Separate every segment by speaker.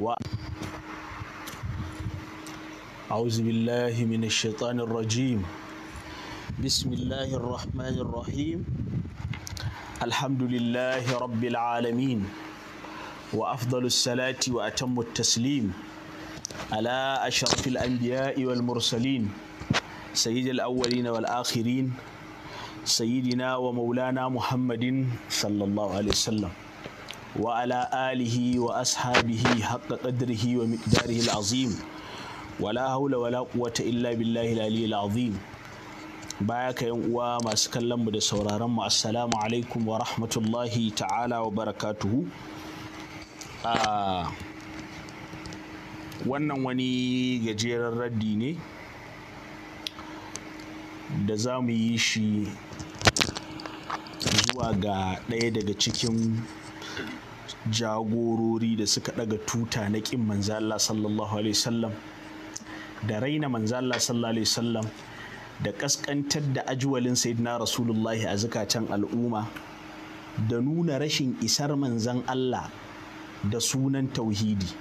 Speaker 1: و أعوذ بالله من الشيطان الرجيم بسم الله الرحمن الرحيم الحمد لله رب العالمين وأفضل الصلاة وأتم التسليم على أشرف الأنبياء والمرسلين سيد الأولين والآخرين سيدنا ومولانا محمد صلى الله عليه وسلم وعلى آله وأصحابه حق قدره ومقداره العظيم ولا حول ولا illa إلا بالله العلي العظيم bayaka yan uwa masu kallon mu da sauraron mu assalamu alaikum wa rahmatullahi ta'ala wa barakatuhu ah, wannan wani gajeren raddi ne da za mu yi shi zuwa ga ɗaya daga cikin jagorori da suka daga tuta na ƙin manzo Allah sallallahu alaihi wasallam da raina manzo Allah sallallahu alaihi wasallam da kaskantar da ajwalin sayyidina rasulullahi a zakatan al'umma da nuna rashin isar manzan Allah da sunan tauhidi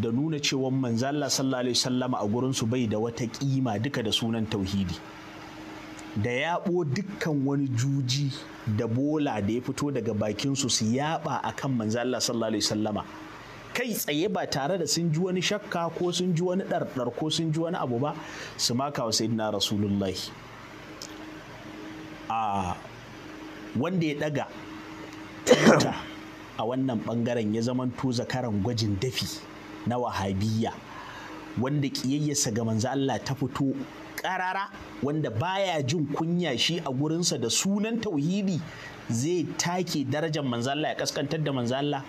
Speaker 1: da nuna cewa manzo Allah sallallahu alaihi wasallam a gurin su bai da wata kima duka da sunan tauhidi da yaɓo dukkan wani juji da bola da ya fito daga bakinsu su yaɓa a kan manzala Allah sallallahu alaihi wasallama kai tsaye ba tare da sun ji wani shakka ko sun ji wani ɗarɗar ko sun ji wani abu ba su maka wa sayyidina rasulullahi a wanda ya ɗaga tuta a wannan ɓangaren ya zamanto zakaran gwajin dafi na wahabiyya wanda ƙiyayyarsa ga manzo Allah ta fito karara wanda baya jin kunya shi a gurinsa da sunan tauhidi zai take darajar manzalla ya kaskantar da manzalla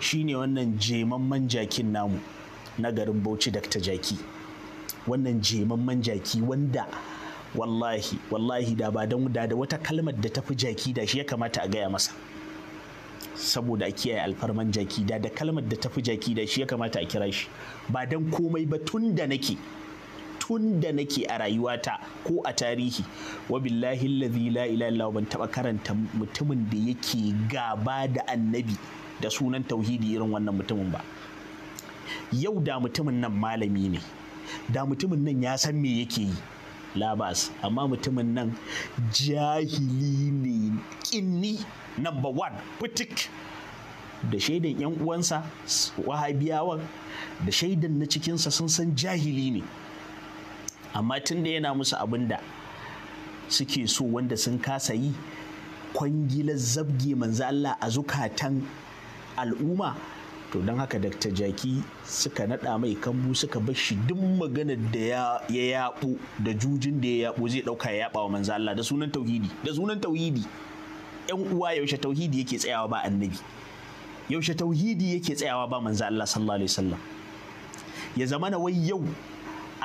Speaker 1: shine wannan jemamman jakin namu na garin bauchi Dr. jaki wannan jemamman jaki wanda wallahi wallahi da ba don da wata kalmar da tafi jaki da shi ya kamata a gaya masa saboda a kiyaye alfarman jaki da da kalmar da tafi jaki da shi ya kamata a kira shi ba don komai ba tun da nake tun da nake a rayuwata ko a tarihi wa billahi la ilaha ban taba karanta mutumin da yake gaba da annabi da sunan tauhidi irin wannan mutumin ba yau da mutumin nan malami ne da mutumin nan ya san me yake yi labas amma mutumin nan jahili ne kinni number one putik da shaidan 'yan uwansa wahabiyawan da shaidan na cikinsa sun san jahili ne amma tun da yana musu abin da suke so wanda sun kasa yi kwangilar zabge manzo Allah a zukatan al'umma to don haka Dr. jaki suka nada mai kambu suka bar shi duk maganar da ya yaɓo da jujin da ya yaɓo zai dauka ya yaba wa manzo Allah da sunan tauhidi da sunan tauhidi yan uwa yaushe tauhidi yake tsayawa ba annabi yaushe tauhidi yake tsayawa ba manzo Allah sallallahu alaihi wasallam ya zamana wai yau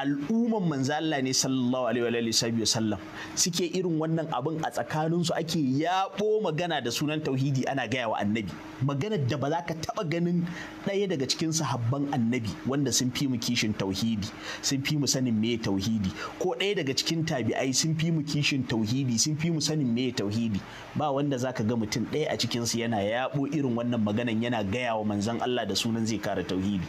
Speaker 1: al'umman manzala ne sallallahu alaihi wa sallam suke irin wannan abin a tsakanin su ake yaɓo magana da sunan tauhidi ana gaya wa annabi maganar da ba za ka taɓa ganin ɗaya daga cikin sahabban annabi wanda sun fi mu kishin tauhidi sun fi mu sanin me tauhidi ko ɗaya daga cikin tabi'ai sun fi mu kishin tauhidi sun fi mu sanin me tauhidi ba wanda zaka ga mutum ɗaya a cikinsu yana yaɓo irin wannan maganan yana gaya wa manzon Allah da sunan zai kara tauhidi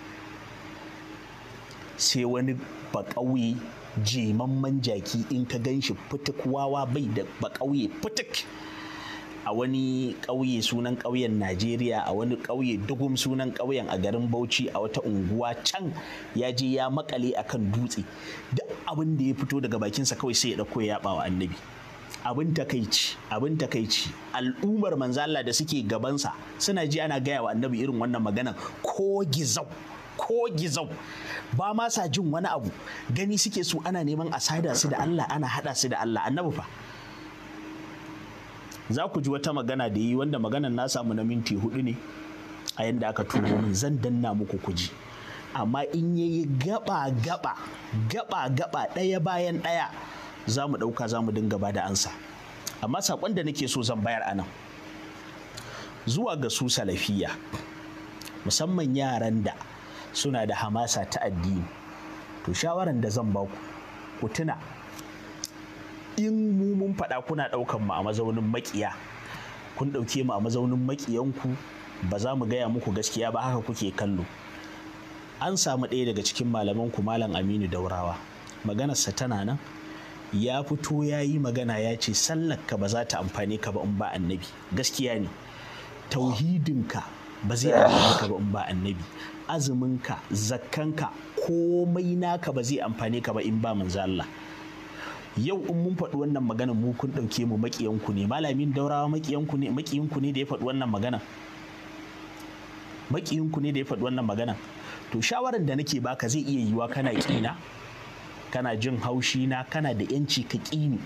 Speaker 1: sai wani bakawi jimamman jaki in ka gan shi fituk wawa bai da bakauye fituk a wani ƙauye sunan ƙauyen najeriya a wani ƙauye dugum sunan ƙauyen a garin bauchi a wata unguwa can ya je ya makale akan dutse duk abin da ya fito daga bakinsa kawai sai ya ɗauko ya wa annabi abin takaici abin takaici al'ummar manzala da suke gabansa suna ji ana gaya wa annabi irin wannan maganan ko gizau ko gizau ba ma sa jin wani abu gani suke su ana neman a sada su da Allah ana hada su da Allah annabi fa za ku ji wata magana da yi wanda maganan na samu na minti hudu ne a yadda aka turo min zan danna muku kuji amma in yayi yi gaba gaba gaba gaba ɗaya bayan ɗaya za mu ɗauka za mu dinga ba da ansa amma sakon da nake so zan bayar anan zuwa ga su salafiya musamman yaran da suna da hamasa ta addini to shawaran da zan baku ku tuna in mu mun faɗa kuna ɗaukan mu a mazaunin maƙiya kun ɗauke mu a mazaunin maƙiyanku ba za mu gaya muku gaskiya ba haka kuke kallo an samu ɗaya daga cikin malaman ku malam aminu daurawa maganarsa tana nan ya fito ya yi magana ya ce ka ba za ta amfani ka ba in ba annabi gaskiya ne tauhidinka ba zai amfani ka ba in ba annabi azuminka zakkanka komai naka ba zai amfane ka ba in ba manzo Allah yau in mun faɗi wannan magana mu kun ɗauke mu maƙiyanku ne malamin daurawa maƙiyanku ne maƙiyinku ne da ya faɗi wannan magana maƙiyinku ne da ya faɗi wannan magana to shawaran da nake baka zai iya yiwa kana ƙina kana jin haushi na kana da yanci ka ƙini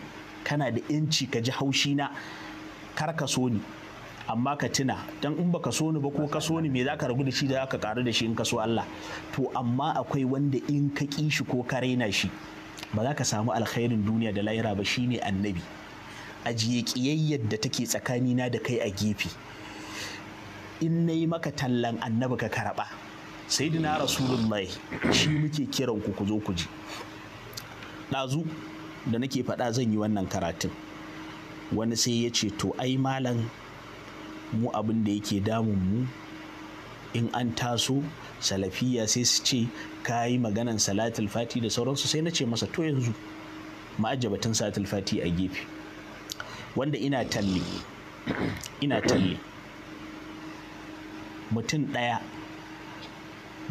Speaker 1: kana da yanci ka ji haushi na kar ka so ni amma ka tuna dan in baka so ni ba ko ka so ni me zaka ragu da shi da zaka karu da shi in ka so Allah to amma akwai wanda in ka ki shi ko ka raina shi ba za ka samu alkhairin duniya da Laira ba shine annabi ajiye kiyayyar da take tsakani na da kai a gefe in na yi maka tallan annabi ka karɓa sayyidina rasulullahi shi muke kiran ku ku zo ku ji ɗazu da nake faɗa zan yi wannan karatun wani sai ya ce to ai malam mu abin da yake damun mu in an taso salafiya sai su ce ka yi maganan salatul fati da sauransu sai na ce masa to yanzu ma'ajabatin salatul fati a gefe wanda ina talle ina talle mutum ɗaya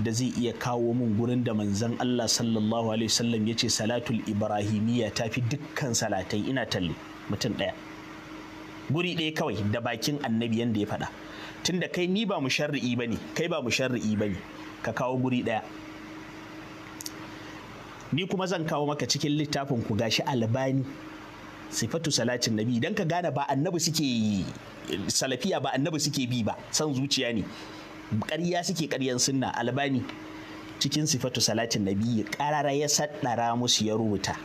Speaker 1: da zai iya kawo min gurin da manzan Allah sallallahu alaihi wasallam ya ce salatul ibrahimiyya ta fi dukkan salatai ina talle mutum ɗaya guri ɗaya kawai da bakin annabi yanda ya faɗa tunda kai ni ba mu ba bane kai ba mu ba bane ka kawo guri ɗaya ni kuma zan kawo maka cikin littafin ku gashi albani sifatu salatin nabi idan ka gane ba annabi suke salafiya ba annabi suke bi ba san zuciya ne ƙarya suke ƙaryan sunna albani cikin sifatu salatin nabi ƙarara ya saddara musu ya rubuta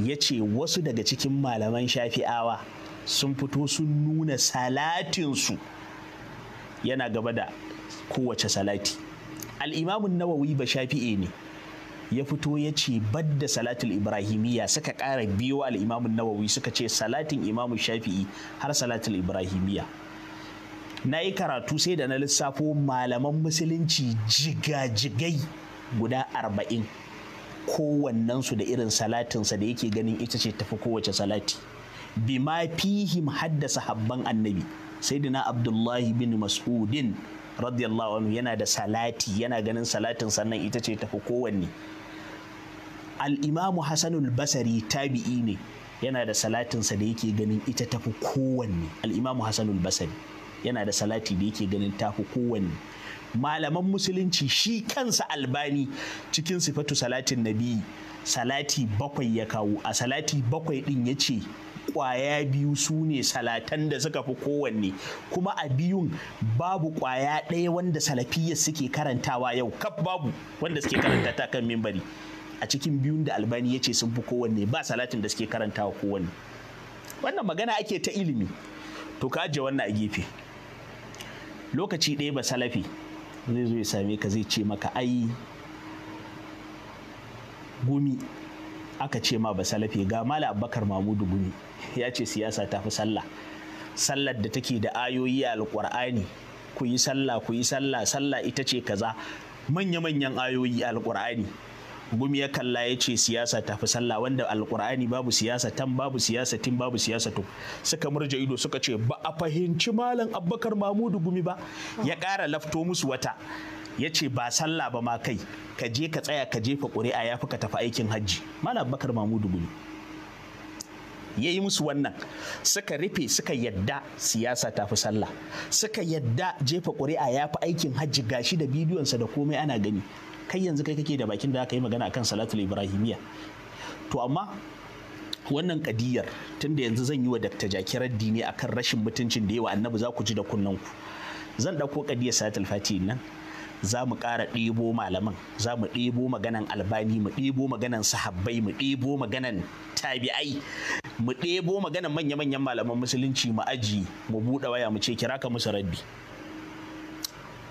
Speaker 1: ya ce wasu daga cikin malaman shafi'awa sun fito sun nuna salatinsu yana gaba da kowace salati al'imamun nawawi ba shafi'e ne ya fito ya ce badda salatul ibrahimiyya suka ƙara biyo al'imamun nawawi suka ce salatin imamun shafi'i har salatul ibrahimiyya na yi karatu sai da na lissafo malaman musulunci jigajigai guda arba'in kowannensu da irin salatinsa da yake ganin ita ce tafi kowace salati bima fihim haddasa habban annabi sayyidina abdullahi bin mas'udin radiyallahu anhu yana da salati yana ganin salatin sannan ita ce tafi kowanne al-imamu hasanul basari tabi'i ne yana da salatinsa da yake ganin ita tafi kowanne al-imamu hasanul basari yana da salati da yake ganin tafi kowanne malaman musulunci shi kansa albani cikin sifatu salatin nabi salati bakwai ya kawo a salati bakwai din ya ce kwaya biyu su ne salatan da suka fi kowanne kuma a biyun babu kwaya ɗaya wanda salafiyya suke karantawa yau kaf babu wanda suke karanta ta kan mimbari a cikin biyun da albani ya ce sun fi kowanne ba salatin da suke karantawa kowanne wannan magana ake ta ilimi to ka ajiye wannan a gefe lokaci ɗaya ba salafi zai zo ya same ka zai ce maka ai gumi aka ce ma ba salafi ga mala abubakar mamudu gumi ya ce siyasa ta fi sallah sallar da take da ayoyi a alƙur'ani ku yi sallah ku yi sallah sallah ita ce kaza manya-manyan ayoyi a alƙur'ani gumi ya kalla ya ce siyasa ta fi sallah wanda alƙur'ani babu siyasa tan babu siyasa tin babu siyasa to suka murje ido suka ce ba a fahimci malam abubakar mamudu gumi ba ya kara lafto musu wata ya ce ba sallah ba ma kai ka je ka tsaya ka jefa ƙuri'a ya fi ka tafi aikin hajji malam Abubakar mamudu gumi ya yi musu wannan suka rufe suka yadda siyasa ta fi sallah suka yadda jefa ƙuri'a ya fi aikin hajji gashi da bidiyonsa da komai ana gani kai yanzu kai kake da bakin da aka yi magana akan salatul ibrahimiya to amma wannan kadiyar tunda yanzu zan yi wa dakta jakirar addini akan rashin mutuncin da yawa annabi za ku ji da kunnen ku zan ɗauko kadiyar salatul fatihi nan za mu ƙara ɗebo malaman za mu ɗibo maganan albani mu ɗebo maganan sahabbai mu ɗebo maganan tabi'ai mu ɗebo maganan manya-manyan malaman musulunci mu aji mu buɗe waya mu ce kira ka musu rabbi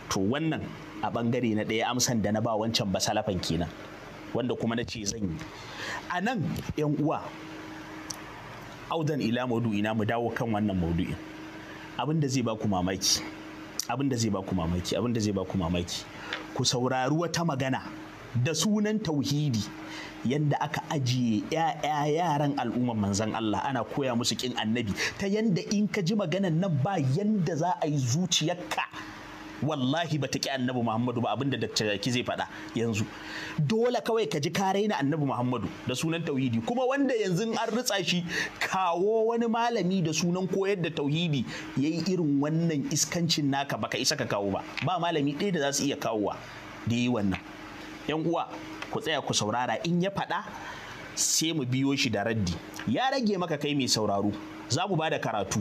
Speaker 1: to wannan a ɓangare na ɗaya amsan da na ba wancan ba salafan kenan wanda kuma na ce zan yi a nan yan uwa audan ila ina mu dawo kan wannan maudu'in abin da zai ba ku mamaki abin da zai ba ku mamaki abin da zai ba ku mamaki ku saurari wata magana da sunan tauhidi yadda aka ajiye ‘ya'ya yaran al'umman manzan Allah ana koya musu kin annabi ta yadda in ka ji maganan nan ba yadda za a yi zuciyarka wallahi ba ta ki annabi muhammadu ba abinda dr yaki zai faɗa yanzu dole kawai ka ji kare na annabi muhammadu da sunan tauhidi kuma wanda yanzu an ritsa shi kawo wani malami da sunan koyar da tauhidi yayi irin wannan iskancin naka baka isa ka kawo ba ba malami ɗaya da za su iya kawowa da yi wannan yan uwa ku tsaya ku saurara in ya faɗa sai mu biyo shi da raddi ya rage maka kai mai sauraro za mu ba da karatu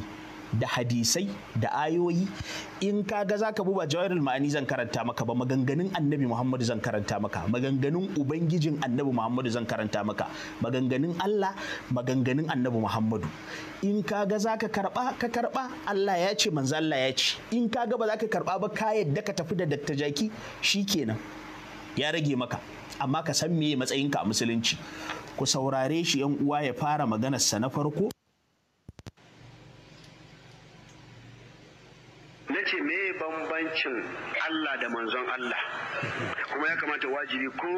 Speaker 1: da hadisai da ayoyi in ka ga ka buba jawahirul ma'ani zan karanta maka ba maganganun annabi muhammadu zan karanta maka maganganun ubangijin annabi muhammadu zan karanta maka maganganun allah maganganun annabi muhammadu in ka ga ka karba ka karba allah ya ce manzo allah ya ce in ka ga ba ka karba ba ka yadda ka tafi da dakta jaki kenan, ya rage maka amma ka san meye matsayinka a musulunci ku saurare shi yan uwa ya fara maganarsa na farko
Speaker 2: ce me bambancin Allah da manzon Allah kuma ya kamata wajibi ko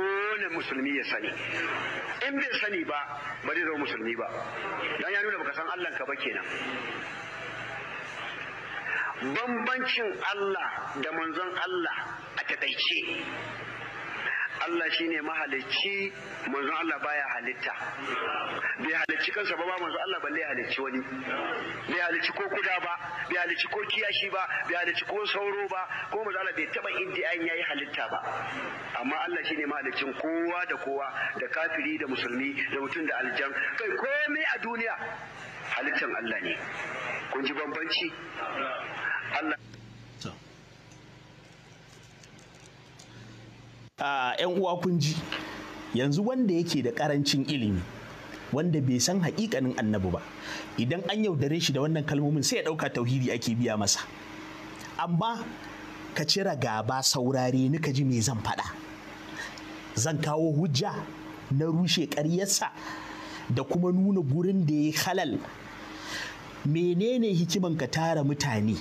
Speaker 2: na musulmi ya sani in bai sani ba ba zai zama musulmi ba dan ya nuna baka san Allah ka ba kenan bambancin Allah da manzon Allah a taƙaice Allah shi ne mahalicci manzon Allah baya halitta bai halicci kansa ba ba manzon Allah balle halicci wani bai halicci ko kuda ba bai halicci ko kiyashi ba bai halicci ko sauro ba ko manzon Allah bai taba an yayi halitta ba amma Allah shi ne mahalicin kowa da kowa da kafiri da musulmi da mutum da aljan kai komai a duniya halittan Allah ne kun ji bambanci Allah
Speaker 1: 'yan uwa kun ji yanzu wanda yake da karancin ilimi wanda bai san haƙiƙanin annabi ba idan an yaudare shi da wannan kalmomin sai ya ɗauka tauhidi ake biya masa amma ka cira gaba saurare ni ka ji me zan faɗa zan kawo hujja na rushe ƙaryarsa da kuma nuna gurin da ya halal menene hikiman ka tara mutane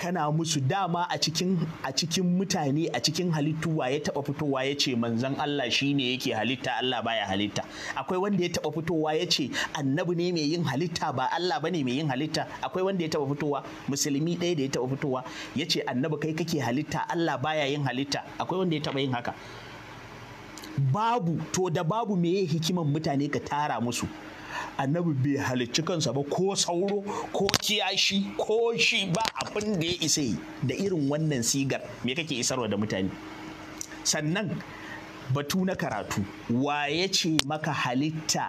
Speaker 1: kana musu dama a cikin a cikin mutane a cikin halittu wa ya taba fitowa ya ce manzon Allah shi shine yake halitta Allah baya halitta akwai wanda ya taba fitowa ya ce annabi ne mai yin halitta ba Allah bane mai yin halitta akwai wanda ya taba fitowa musulmi ɗaya da ya taba fitowa ya ce annabi kai kake halitta Allah baya yin halitta akwai wanda ya taba yin haka babu to da babu meye hikiman mutane ka tara musu annabi bai halicci kansa ba ko sauro ko kiyashi ko shi ba abin da ya isa da irin wannan sigar me kake isarwa da mutane sannan batu na karatu wa ya ce maka halitta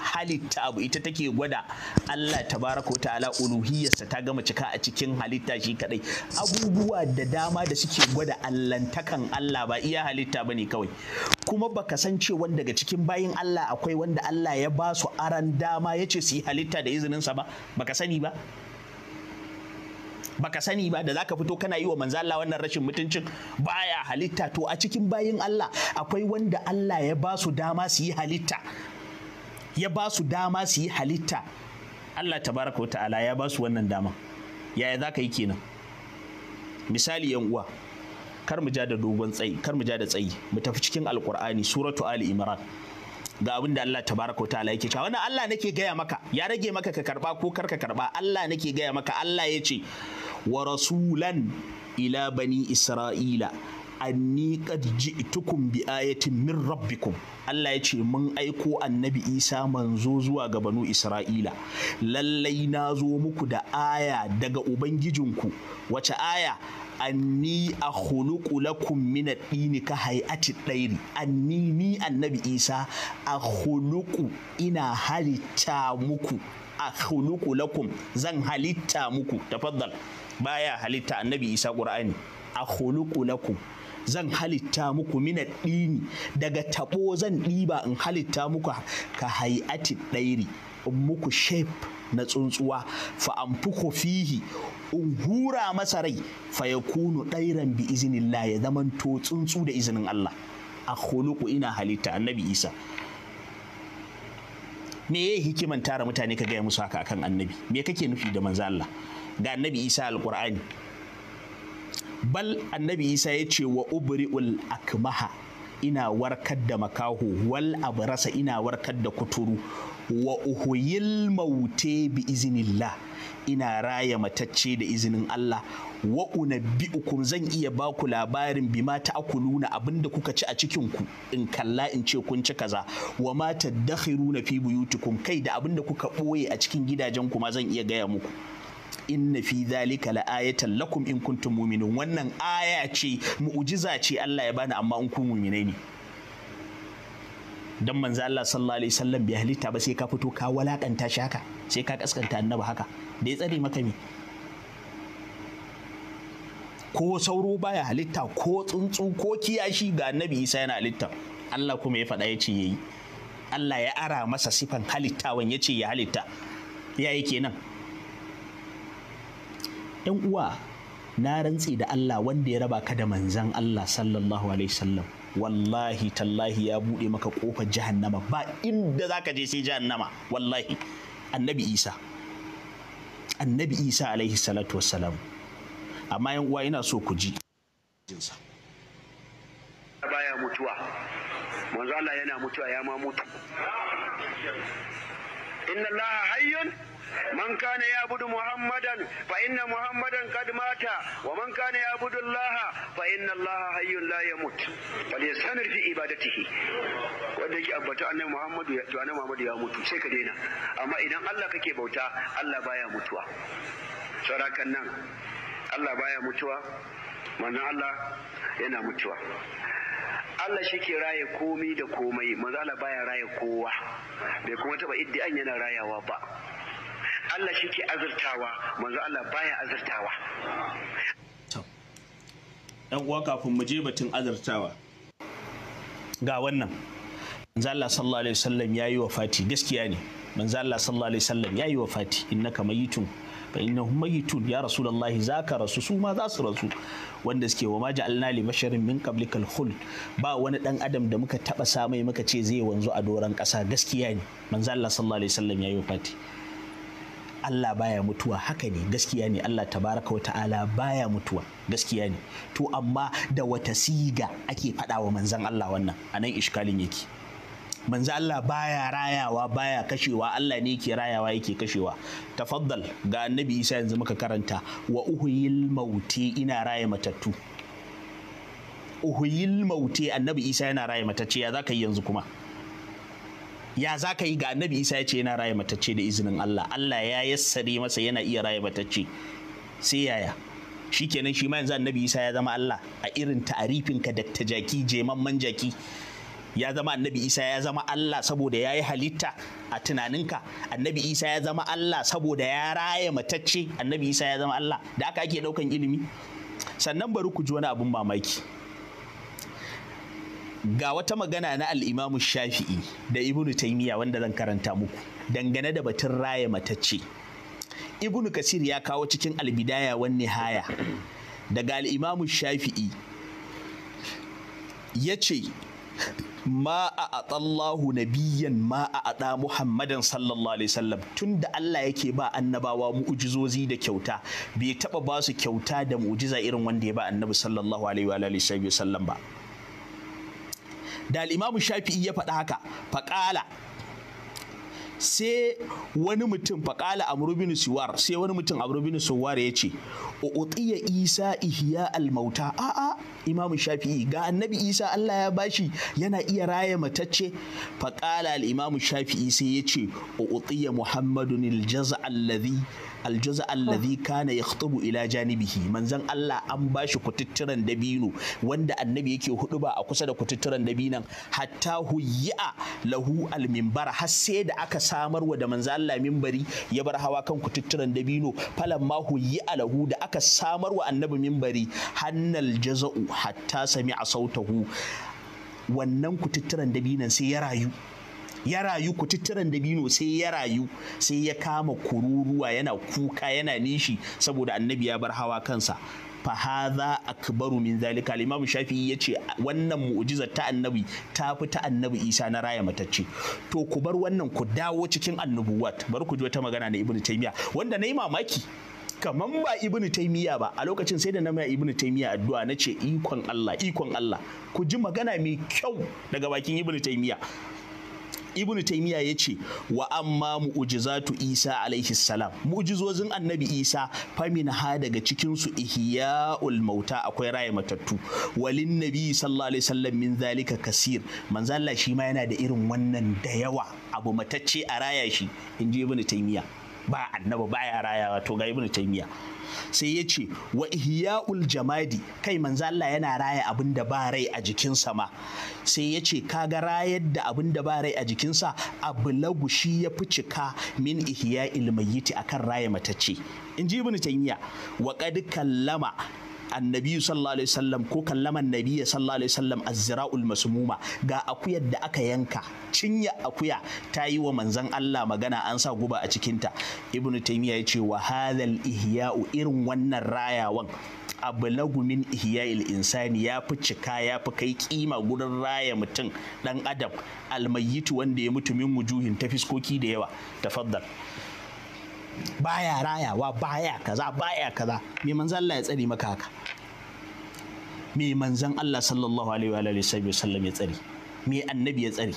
Speaker 1: halitta abu ita take gwada Allah tabaraka ta'ala uluhiyarsa ta gama cika a cikin halitta shi kadai abubuwa da dama da suke gwada allantakan Allah ba iya halitta bane kawai kuma baka san wanda daga cikin bayin Allah akwai wanda Allah ya ba su aran dama ya ce su yi halitta da izininsa ba baka sani ba baka sani ba da zaka fito kana yi wa manzo Allah wannan rashin mutuncin baya halitta to a cikin bayin Allah akwai wanda Allah ya ba su dama su yi halitta ya ba su dama su yi halitta Allah tabaraka wata'ala ya ba su wannan dama yaya za ka yi kenan misali yan uwa kar mu ja da dogon tsayi kar mu ja da tsayi mu tafi cikin Alƙur'ani suratu ali imran ga abin da Allah tabaraka ta'ala yake cewa wannan Allah nake gaya maka ya rage maka ka karba ko kar ka karba Allah nake gaya maka Allah ya ce wa rasulan ila bani isra'ila anni qad ji'tukum bi ayatin min rabbikum Allah ya ce mun aiko annabi Isa manzo zuwa ga banu Isra'ila lallai na zo muku da aya daga ubangijinku wace aya anni a lakum min ad-dini ka hay'ati dairi anni ni annabi Isa a ina halitta muku a lakum zan halitta muku tafaddal baya halitta annabi Isa Qur'ani a lakum zan halitta muku mina dini daga taɓo zan ɗiba in halitta muku ka hai'ati ɗairi in muku shape na tsuntsuwa fa an fihi in hura masa rai fa ya kunu ɗairan bi izinillah ya zamanto tsuntsu da izinin Allah a ina halitta annabi Isa me ya hikiman tara mutane ka gaya musu haka akan annabi me kake nufi da manzo Allah ga annabi Isa alqur'ani bal annabi isa ya ce wa ubri'ul akmaha ina warkar da makaho wal abrasa ina warkar da kuturu wa uhuyil maute bi izinillah ina raya matacce da izinin Allah wa unabbi'ukum zan iya ba ku labarin bima akuluna abinda kuka ci a cikin ku in kalla in ce kun ci kaza wa ma tadakhiruna fi buyutikum kai da abinda kuka boye a cikin gidajen ku ma zan iya gaya muku inna fi dhalika la'ayatan lakum in kuntum mu'minun wannan aya ce mu'jiza ce Allah ya bani amma in ku mu'minai ne dan manzo Allah sallallahu alaihi wasallam bai halitta ba sai ka fito ka walakanta shi haka sai ka kaskanta annabi haka da ya tsare maka me ko sauro baya halitta ko tsuntsu ko kiyashi ga annabi Isa yana halitta Allah kuma ya faɗa ya ce yayi Allah ya ara masa sifan halittawan ya ce ya halitta ya yi kenan 'yan uwa na rantse da Allah wanda ya raba ka da manzan Allah sallallahu alaihi wasallam wallahi tallahi ya buɗe maka ƙofar jahannama ba inda ka je sai jahannama wallahi annabi Isa annabi Isa alaihi salatu wassalam amma yan uwa ina so ku ji
Speaker 2: baya mutuwa manzo Allah yana mutuwa ya ma mutu inna Allah hayyun من كان يعبد محمدا فإن محمدا قد مات ومن كان يعبد الله فإن الله حي لا يموت فليستمر في عبادته wanda yake ambata annabi Muhammadu ya annabi Muhammadu ya mutu sai ka daina amma idan Allah kake bauta Allah baya mutuwa saurakan nan Allah baya mutuwa manzon Allah yana mutuwa Allah shi ke raye komai da komai manzo Allah baya raye kowa bai kuma taba iddi an yana rayawa ba Allah shi ke azurtawa manzo Allah baya azurtawa
Speaker 1: yan uwa kafin mu je batun azurtawa ga wannan manzo Allah sallallahu alaihi wasallam yayi wafati gaskiya ne manzo Allah sallallahu alaihi wasallam yayi wafati innaka mayitun fa innahum mayitun ya rasulullahi zaka rasu su ma za su rasu wanda suke wa maji ja'alna li basharin min qablikal khuld ba wani dan adam da muka taba samai muka ce zai wanzu a doran kasa gaskiya ne manzo Allah sallallahu alaihi wasallam yayi wafati Allah baya mutuwa haka ne gaskiya ne Allah tabaraka wa ta'ala baya mutuwa gaskiya ne to amma da wata siga ake faɗawa wa manzan Allah wannan anan ishkalin yake Manzan Allah baya rayawa baya kashewa Allah ne yake rayawa yake kashewa tafaddal ga annabi Isa yanzu muka karanta wa uhuyil mauti ina raye matattu uhuyil mauti annabi Isa yana raya matacce ya zaka yi yanzu kuma ya za ka yi ga annabi isa ya ce yana raya matacce da izinin allah allah ya yassare masa yana iya raya matacce sai yaya shi kenan shi ma yanzu annabi isa ya zama allah a irin ka da ta jaki jemamman jaki ya zama annabi isa ya zama allah saboda ya yi halitta a tunaninka annabi isa ya zama allah saboda ya raya matacce annabi isa ya zama allah da aka ake daukan ilimi sannan bari ku ji wani abin mamaki ga wata magana na al'imamu shafi'i da ibnu taimiyya wanda zan karanta muku dangane da batun raya matacce ibnu kasir ya kawo cikin albidaya wan haya. daga al'imamu shafi'i ya ce ma a atsallahu nabiyan ma a muhammadan sallallahu alaihi wasallam tun da Allah yake ba annabawa mu'ujizozi da kyauta bai taɓa ba su kyauta da mu'ujiza irin wanda ya ba annabi sallallahu alaihi wa ba da al'imamu shafi'i ya faɗa haka faƙala sai wani mutum faƙala amurbin suwar sai wani mutum amurbin suwar ya ce uƙiya isa ihya almauta a'a imamu shafi'i ga annabi isa allah ya bashi yana iya raya matacce faƙala al'imamu shafi'i sai ya ce uƙiya muhammadun aljaza alladhi aljuza allazi kana yakhtubu ila janibihi manzon Allah an bashi kututturan dabino wanda annabi yake hudu ba a kusa da kututturan dabinan hatta huyya lahu alminbar har sai da aka samarwa da manzon Allah minbari ya bar hawa kan kututturan dabino falan ma huyya lahu da aka samarwa wa annabi minbari hannal hatta sami sami'a sautahu wannan kututturan dabinan sai ya rayu ya rayu kututturen dabino sai ya rayu sai ya kama kururuwa yana kuka yana nishi saboda annabi ya bar hawa kansa fahaza akbaru min zalika al-imam ya yace wannan mu'jiza ta annabi ta fi ta annabi isa na raya matacce to ku bar wannan ku dawo cikin annubuwat bari ku ji wata magana na ibnu taymiya wanda yi mamaki kamar ba ibnu taymiya ba a lokacin sai da na mai ibnu taymiya addu'a nace ikon Allah ikon Allah ku ji magana mai kyau daga bakin ibnu taymiya Ibn taymiya ya ce wa amma mu'jizatu isa alaihi salam mu'jizozin annabi isa min ha daga cikin su ihya'ul mauta akwai raya matattu walin nabi sallallahu alaihi wasallam min zalika kasir manzo Allah shi ma yana da irin wannan da yawa abu matacce a raya shi inji Ibn taymiya ba annabi baya rayawa to ga ibnu taymiya sai ya ce wa ihya'ul jamadi kai manzo Allah yana raya abin da ba rai a jikinsa ma sai ya ce kaga rayar da abin da ba rai a jikin jikinsa abulagu shi ya fi cika min ihya'il mayyiti akan raya matacce in ji ibnu taymiya wa qad kallama annabi sallallahu alaihi wasallam ko kallaman nabi sallallahu alaihi wasallam azra'ul masmuma ga akuyar da aka yanka cinya akuya ta yi wa manzon Allah magana an sa guba a cikinta ibnu taymiya ya ce wa hadhal ihya'u irin wannan rayawan abu lagumin ihya'il insani ya fi cika ya fi kai kima gurin raya mutum dan adam almayitu wanda ya mutumin wujuhin ta fiskoki da yawa tafaddal baya rayawa baya kaza baya kaza me manzan Allah ya tsare maka haka me manzan Allah sallallahu alaihi wa alihi wa sallam ya tsare mai annabi ya tsare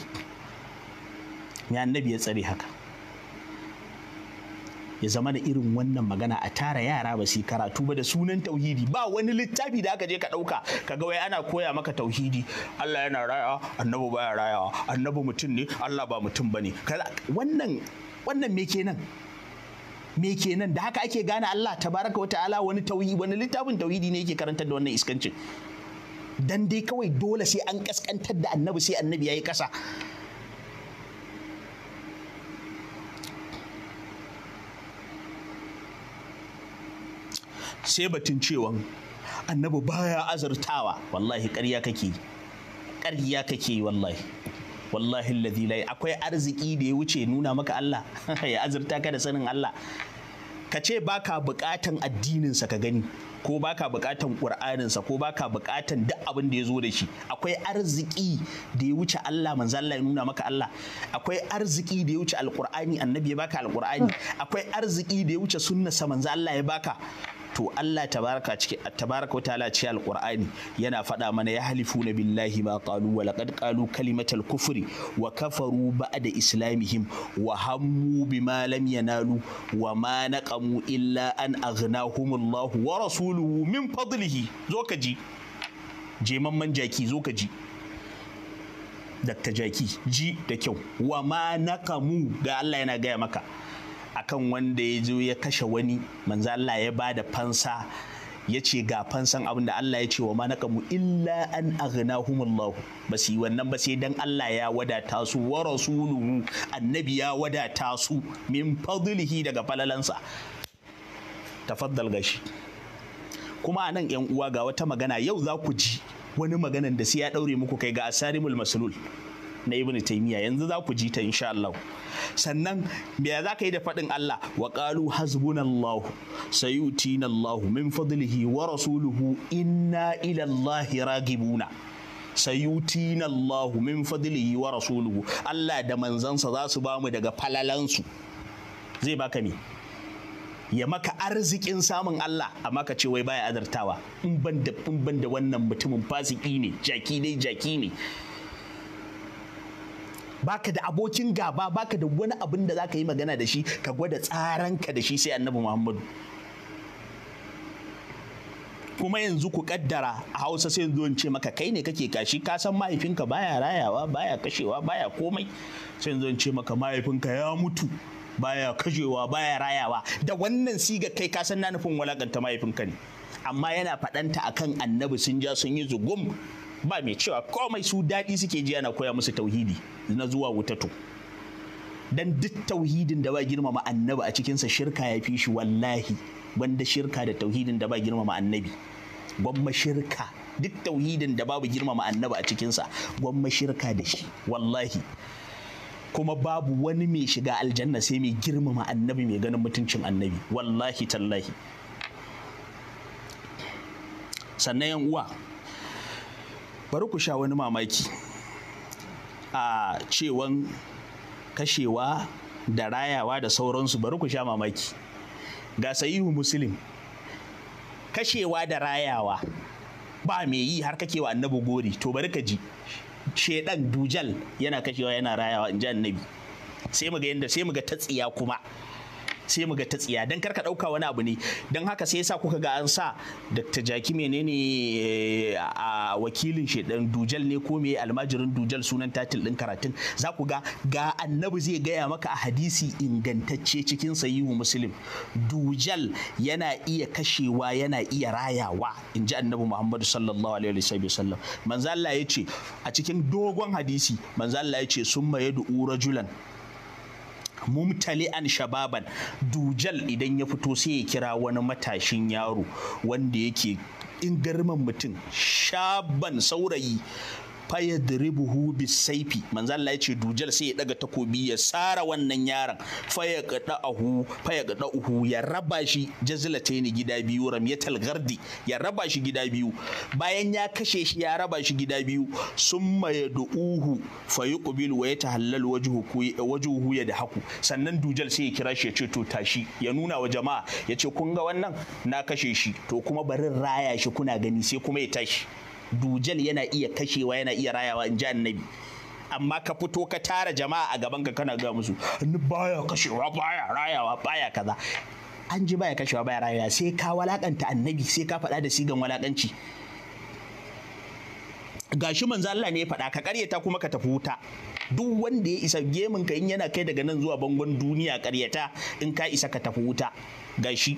Speaker 1: me annabi ya tsare haka ya zama da irin wannan magana a tara yara ba su karatu ba da sunan tauhidi ba wani littafi da aka je ka dauka kaga wai ana koya maka tauhidi Allah yana raya annabi baya raya annabi mutum ne Allah ba mutum bane wannan wannan me kenan me kenan da haka ake gane Allah tabaraka wa ta'ala wani tauhidi wani littafin tauhidi ne yake karantar da wannan iskancin dan dai kawai dole sai an kaskantar da annabi sai annabi yayi kasa sai batun cewa annabi baya azurtawa wallahi ƙarya kake ƙarya kake wallahi wallahi ladilai akwai arziki da ya wuce nuna maka Allah ya azurta ka da sanin Allah ka ce baka bukatan addininsa ka gani ko baka bukatan ƙur'aninsa ko baka bukatan duk abin da ya zo da shi akwai arziki da ya wuce Allah manzo Allah ya nuna maka Allah akwai arziki da ya wuce alqur'ani annabi ya baka alqur'ani hmm. akwai arziki da ya wuce sunna sa manzo Allah ya baka to Allah tabaraka ciki tabaraka ta'ala cikin alqur'ani yana faɗa mana ya halifu na billahi ma qalu wa laqad qalu kalimatal kufri wa kafaru ba'da islamihim wa hammu bima lam yanalu wa ma naqamu illa an aghnahumullahu wa rasuluhu min fadlihi zo ka ji jemamman jaki zo ka ji dakta jaki ji da kyau wa ma naqamu ga Allah yana gaya maka akan wanda ya zo ya kashe wani manzo Allah ya ba da fansa ya ce ga fansan abin da Allah ya ce wa ma na kamu illa an aghnahumullahu ba su yi wannan ba sai dan Allah ya wadata su wa rasuluhu annabi ya wadata su min fadlihi daga falalansa tafaddal gashi kuma anan yan uwa ga wata magana yau za ku ji wani maganan da sai ya ɗaure muku kai ga asarimul maslul na ibn taymiya yanzu za ku ji ta insha Allah sannan me za ka yi da faɗin Allah wa qalu hasbunallahu sayutina Allah min fadlihi wa rasuluhu inna ila Allah ragibuna sayutina Allah min fadlihi wa rasuluhu Allah da manzansa za su bamu daga falalansu zai baka ne ya maka arzikin samun Allah amma ka ce wai baya azartawa in ban da wannan mutumin fasiki ne jaki dai jaki ne baka da abokin gaba baka da wani abin da zaka yi magana da shi ka gwada tsaranka da shi sai annabi muhammadu kuma yanzu ku kaddara a hausa sai yanzu in ce maka kai ne kake kashi ka san mahaifinka baya rayawa baya kashewa baya komai sai yanzu in ce maka mahaifinka ya mutu baya kashewa baya rayawa da wannan siga kai ka san na nufin walakanta mahaifinka ne amma yana faɗanta akan annabi sun ja sun yi zugum ba mai cewa komai su daɗi suke ji ana koya musu tauhidi na zuwa wuta to dan duk tauhidin da ba girmama annabi a cikinsa shirka ya fi shi wallahi banda shirka da tauhidin da ba girmama annabi gwamma shirka duk tauhidin da babu girmama annabi a cikinsa gwamma shirka da shi wallahi kuma babu wani mai shiga aljanna sai mai girmama annabi mai ganin mutuncin annabi wallahi tallahi sannan yan uwa bari ku sha wani mamaki a cewan kashewa da rayawa da sauransu bari ku sha mamaki ga sayihu muslim kashewa da rayawa ba mai yi har kake wa annabi gori to bari ka ji shedan dujal yana kashewa yana rayawa in ji annabi sai mu ga yanda sai mu ga ta kuma sai mu ga ta tsiya dan karka ɗauka wani abu ne dan haka sai yasa kuka ga an sa Dr. Jaki menene eh, a wakilin shi dan Dujal ne ko me almajirin Dujal sunan tatil din karatun za ku ga ga annabi zai gaya maka a hadisi ingantacce cikin sahihu muslim Dujal yana iya kashewa yana iya rayawa in ji annabi Muhammadu sallallahu alaihi wa sallam. manzo Allah ya ce a cikin dogon hadisi manzo Allah ya ce summa yad'u rajulan mumtali'an shababan dujal idan ya fito sai ya kira wani matashin yaro wanda yake in garman mutum shaban saurayi Faya fayadribuhu saifi manzan Allah ya ce dujal sai ya daga takobi ya tsara wannan yaron faya qada'ahu faya qada'uhu ya raba shi jazlataini gida biyu ramyatal gardi ya raba shi gida biyu bayan ya kashe shi ya raba shi gida biyu da summa ya ta wa wajuhu ya da haku? sannan dujal sai ya kira shi ya ce to tashi ya nuna wa jama'a ya ce kun ga wannan na kashe shi to kuma bari raya shi kuna gani sai kuma ya tashi dujal yana iya kashewa yana iya rayawa in ji annabi amma ka fito ka tara jama'a a gaban ka kana ga musu ni baya kashewa baya rayawa baya kaza an ji baya kashewa baya rayawa sai ka walakanta annabi sai ka faɗa da sigan walakanci gashi manzo Allah ne ya faɗa ka karyata kuma ka tafi wuta duk wanda ya isa gemin ka in yana kai daga nan zuwa bangon duniya karyata in ka isa ka tafi wuta gashi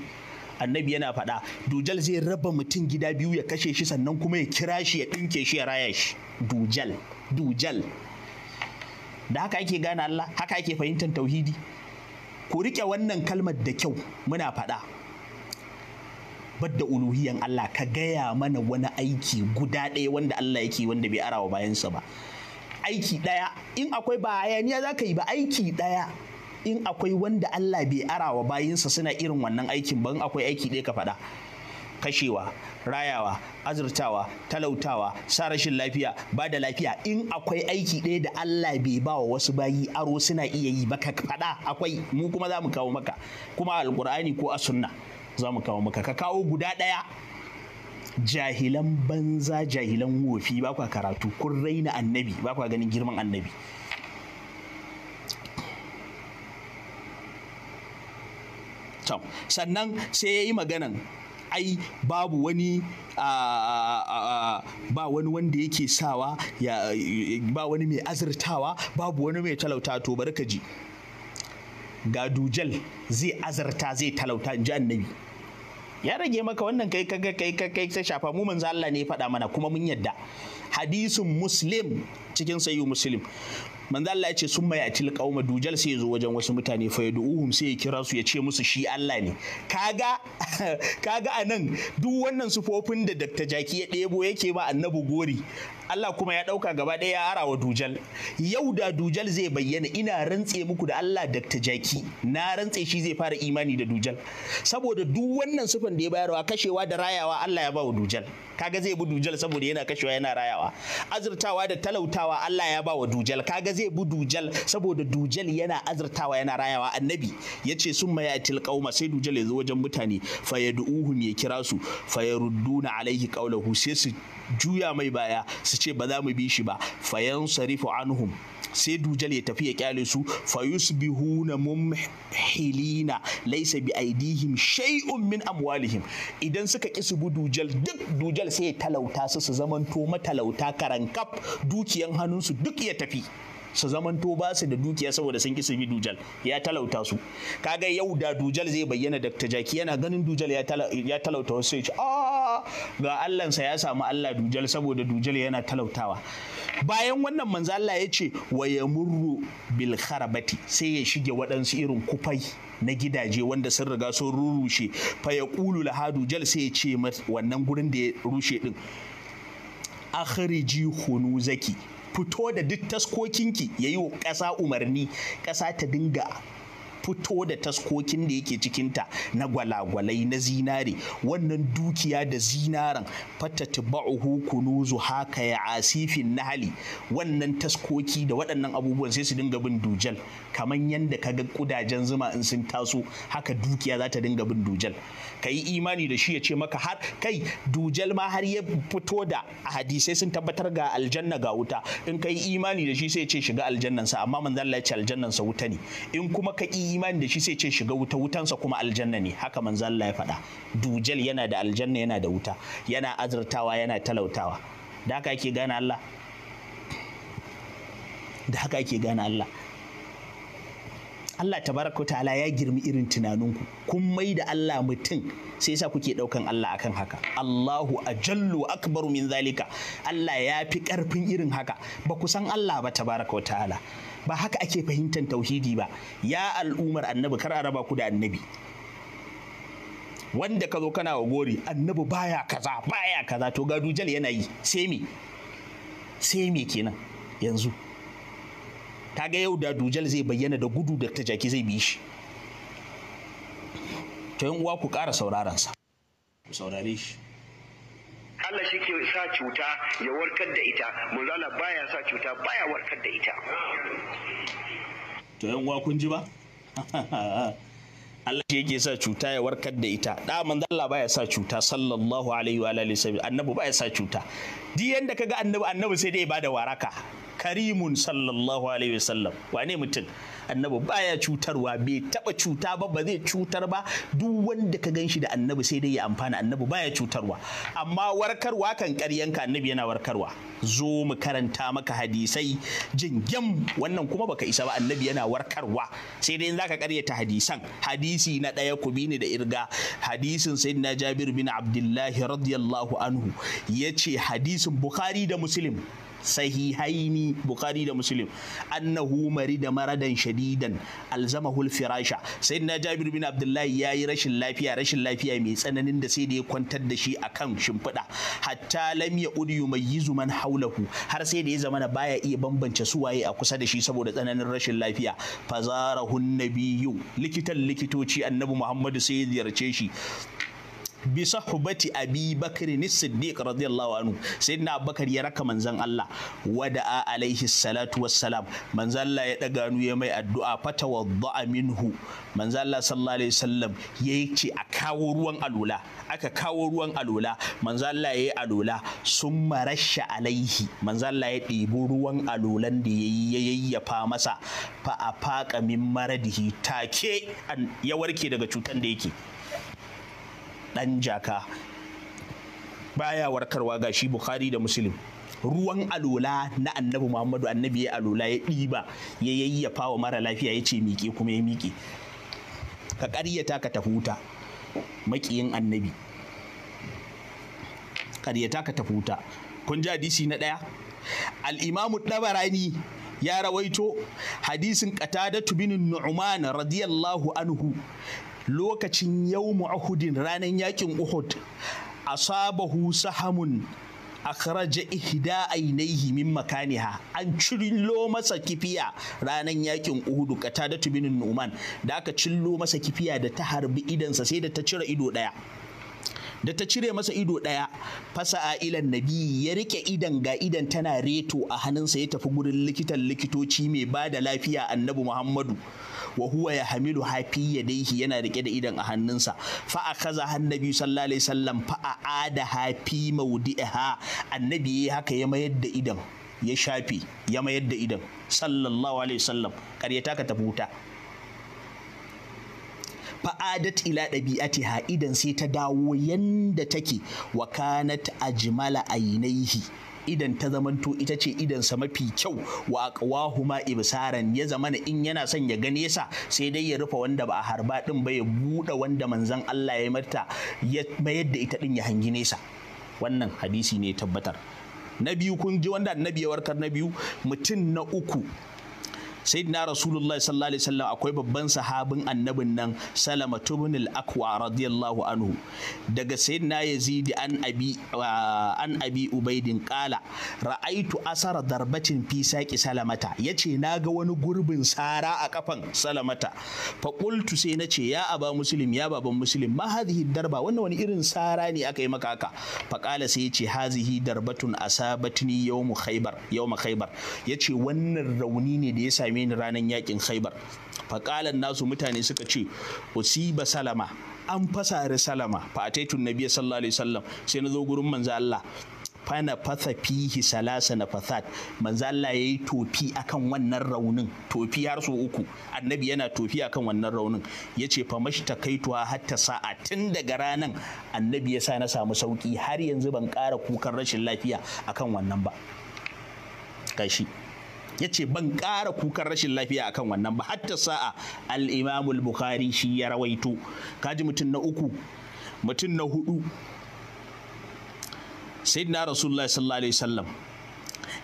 Speaker 1: annabi yana faɗa dujal zai raba mutum gida biyu ya kashe shi sannan kuma ya kira shi ya ɗinke shi ya raya shi dujal dujal da haka ake gane Allah haka ake fahimtar tauhidi ku riƙe wannan kalmar da kyau muna faɗa badda uluhiyan Allah ka gaya mana wani aiki guda ɗaya wanda Allah yake wanda bai arawa bayansa ba aiki ɗaya in akwai bayaniya za ka yi ba aiki ɗaya in akwai wanda Allah bai arawa bayinsa suna irin wannan aikin ban akwai aiki ɗaya ka faɗa kashewa rayawa azurtawa talautawa sa rashin lafiya ba da lafiya in akwai aiki ɗaya da Allah bai ba wa wasu bayi aro suna iya yi baka faɗa akwai mu kuma za mu kawo maka kuma alkur'ani ko a sunna za mu kawo maka ka kawo guda ɗaya jahilan banza jahilan wofi ba kwa karatu kun raina annabi ba kwa ganin girman annabi sannan sai ya yi maganan ai babu wani ba wani wanda yake sawa ba wani mai azurtawa babu wani mai talauta to bari ka ji ga dujal zai azurta zai talauta in ji annabi ya rage maka wannan kai kai kai kai ta shafa mu manzo Allah ne ya faɗa mana kuma mun yadda hadisin muslim cikin sayu muslim manzo Allah ya ce sun mayatil qauma dujal sai ya zo wajen wasu mutane fa uhum sai ya kira su ya ce musu shi Allah ne kaga kaga anan duk wannan sufofin da Dr. Jaki ya ɗebo yake ba annabi gori Allah kuma ya ɗauka gaba ɗaya ya ara wa dujal yau da dujal zai bayyana ina rantse muku da Allah Dr. Jaki na rantse shi zai fara imani da dujal saboda duk wannan sufan da ya bayarwa kashewa da rayawa Allah ya ba wa dujal kaga zai bi dujal saboda yana kashewa yana rayawa azurtawa da talautawa Allah ya ba wa dujal kaga zai bi dujal saboda dujal yana azurtawa yana rayawa annabi ya ce sun summa a tilkauma. sai dujal ya zo wajen mutane fa yad'uhum ya kira su fa yarudduna alaihi qawluhu sai su juya mai baya su ce ba za mu bi shi ba fayan sarifu anhum sai dujal ya tafi ya kyale su fayus fayusbihuna mumhilina laisa bi aidihim shay'un min amwalihim idan suka ki su bi dujal duk dujal sai ya talauta su su zamanto matalauta karankaf dukiyan hannunsu duk ya tafi su zamanto ba su da dukiya saboda sun ki su bi dujal ya talauta su kaga yau da dujal zai bayyana Dr. Jaki yana ganin dujal ya talauta wasu sai ce a ah, ga allansa ya samu Allah dujal saboda dujal yana talautawa bayan wannan manzo Allah ya ce wa murru bil kharabati sai ya shige waɗansu irin kufai na gidaje wanda sun riga sun rurushe fa ya kulu lahadu jal sai ya ce wannan gurin da ya rushe din akhriji hunuzaki fito da duk taskokinki ya yi wa ƙasa umarni ƙasa ta dinga fito da taskokin da yake cikinta na gwalagwalai na zinare wannan dukiya da zinaren fatata ba'uhu kunuzu haka ya asifin na hali. wannan taskoki da waɗannan abubuwan sai su dinga bin dujal kamar yadda ga kudajen zuma in sun taso haka dukiya za ta dinga bin dujal ka yi imani da shi ya ce maka har kai dujal ma har ya fito da a hadisai sun tabbatar ga aljanna ga wuta in ka yi imani da shi sai ya ce shiga aljannansa amma manzan lai ce aljannansa wuta ne in kuma ka yi imani da shi sai ce shiga wuta wutansa kuma aljanna ne haka manzo Allah ya faɗa dujal yana da aljanna yana da wuta yana azurtawa yana talautawa da haka yake gane Allah da haka yake gane Allah Allah tabaraka ta'ala ya girmi irin tunaninku kun mai da Allah mutum sai yasa kuke daukan Allah akan haka Allahu ajallu akbaru min zalika Allah ya fi karfin irin haka ba ku san Allah ba tabaraka ta'ala ba haka ake fahimtar tauhidi ba ya al'umar annabi kar a raba ku da annabi wanda ka zo kana wa gori annabi baya kaza baya kaza to ga dujal yana yi sai me sai me kenan yanzu kaga yau da dujal zai bayyana da gudu da ta jaki zai bi shi to yan uwa ku ƙara sauraron sa ku saurare shi
Speaker 2: Allah shi ke sa cuta ya warkar da ita manzo Allah baya sa cuta baya warkar da ita
Speaker 1: to yan kun ji ba Allah shi yake sa cuta ya warkar da ita da manzo Allah baya sa cuta sallallahu alaihi wa alihi wasallam annabi baya sa cuta di yanda kaga annabi annabi sai dai ya bada waraka karimun sallallahu alaihi wa sallam. wane mutum annabi baya cutarwa bai taba cuta ba ba zai cutar ba duk wanda ka ganshi da annabi sai dai ya amfana annabi baya cutarwa amma warkarwa kan karyanka annabi yana warkarwa zo mu karanta maka hadisai jingyan wannan kuma baka isa ba annabi yana warkarwa sai dai in zaka karyata hadisan hadisi na daya ku bi ni da irga hadisin sayyidina Jabir bin Abdullahi radiyallahu anhu yace hadisin Bukhari da Muslim sahihaini bukhari da muslim annahu marida maradan shadidan alzamahu alfirasha sayyidina jabir bin abdullahi yayi rashin lafiya rashin lafiya mai tsananin da sai da ya kwantar da shi akan shimfiɗa hatta lam mai yi man haulahu har sai da ya zama baya iya bambance su waye a kusa da shi saboda tsananin rashin lafiya fazarahun nabiyyu likitan likitoci annabi muhammadu sai ya ziyarce shi Bisahubati hubati abi ni siddiq radiyallahu anhu sayyidina abubakar ya raka manzan Allah wada alaihi salatu wassalam manzan Allah ya daga nu ya mai addu'a fata wadda'a minhu manzan Allah sallallahu alaihi wasallam yayi ce a kawo ruwan alula aka kawo ruwan alula manzan Allah yayi alula sun marasha alaihi manzan Allah ya ɗebi ruwan alulan da ya yayyafa masa fa a faƙa min maradihi take ya warke daga cutan da yake ɗan jaka baya warkarwa ga shi bukhari da muslim ruwan alola na annabi muhammadu annabi ya alola ya ɗiba ya yayyafa wa mara lafiya ya ce miƙe kuma ya miƙe ka ƙaryata ka tafuta maƙiyin annabi ƙaryata ka tafuta kun ji hadisi na ɗaya al'imamu ɗabarani ya rawaito hadisin ƙatadatu bin nu'man radiyallahu anhu lokacin yau ahudin ranar yakin uhud asabahu sahamun akhraja ihda ainihi min makaniha an cillo masa kifiya ranan yakin uhudu da bin numan da aka cillo masa kifiya da ta harbi idansa sai da ta cire ido daya da ta cire masa ido ɗaya fasa a ilan nabi ya rike idan ga idan tana reto a hannunsa ya tafi gurin likitan likitoci mai ba da lafiya annabi muhammadu wa huwa hamilu hafi daihi yana rike da idan a hannunsa fa kaza hannabi sallallahu alaihi wasallam fa a ada hafi maudiha annabi haka ya mayar da idan ya shafi ya mayar da idan sallallahu alaihi wasallam karyata ka tafi wuta fa'adat ila ɗabi'atiha idan sai ta dawo yanda take wa kanat ajmala ainihi idan ta zamanto ita ce idansa mafi kyau wa aqwahuma ibsaran ya zamana in yana son ya gane sa sai dai ya rufe wanda ba a harba din ba ya buɗe wanda manzon Allah ya marta ya mayar da ita din ya hangi nesa wannan hadisi ne tabbatar na biyu kun ji wanda annabi ya warkar na biyu mutum na uku sayyidina rasulullahi sallallahu alaihi wasallam akwai babban sahabin annabin nan salama tubun akwa radiyallahu anhu daga sayyidina yazidi an abi ah, an abi ubaidin qala ra'aitu asara darbatin fi saqi salamata yace naga wani gurbin sara a kafan salamata fa qultu sai nace ya aba muslim ya baban muslim ma hadhihi darba wannan wani irin sara ne aka yi maka haka fa sai yace hazihi darbatun asabatni yawmu khaybar khaybar yace wannan rauni ne da ya sami yamin ranar yakin khaibar faƙalan nasu mutane suka ce usiba salama an fasari salama fa na biya sallallahu alaihi wasallam sai na zo gurin manzo Allah fana fasa fihi salasa na fasad manzo Allah yayi tofi akan wannan raunin tofi har so uku annabi yana tofi akan wannan raunin ya ce fa mashi takaituwa hatta sa'a tun daga ranan annabi yasa na samu sauki har yanzu ban ƙara kukan rashin lafiya akan wannan ba kashi ya ce ban ƙara kukan rashin lafiya a kan wannan ba hatta sa'a al-imamul bukhari shi ya rawaito kaji mutum na uku mutum na hudu sayyidina rasulullahi sallallahu alaihi wasallam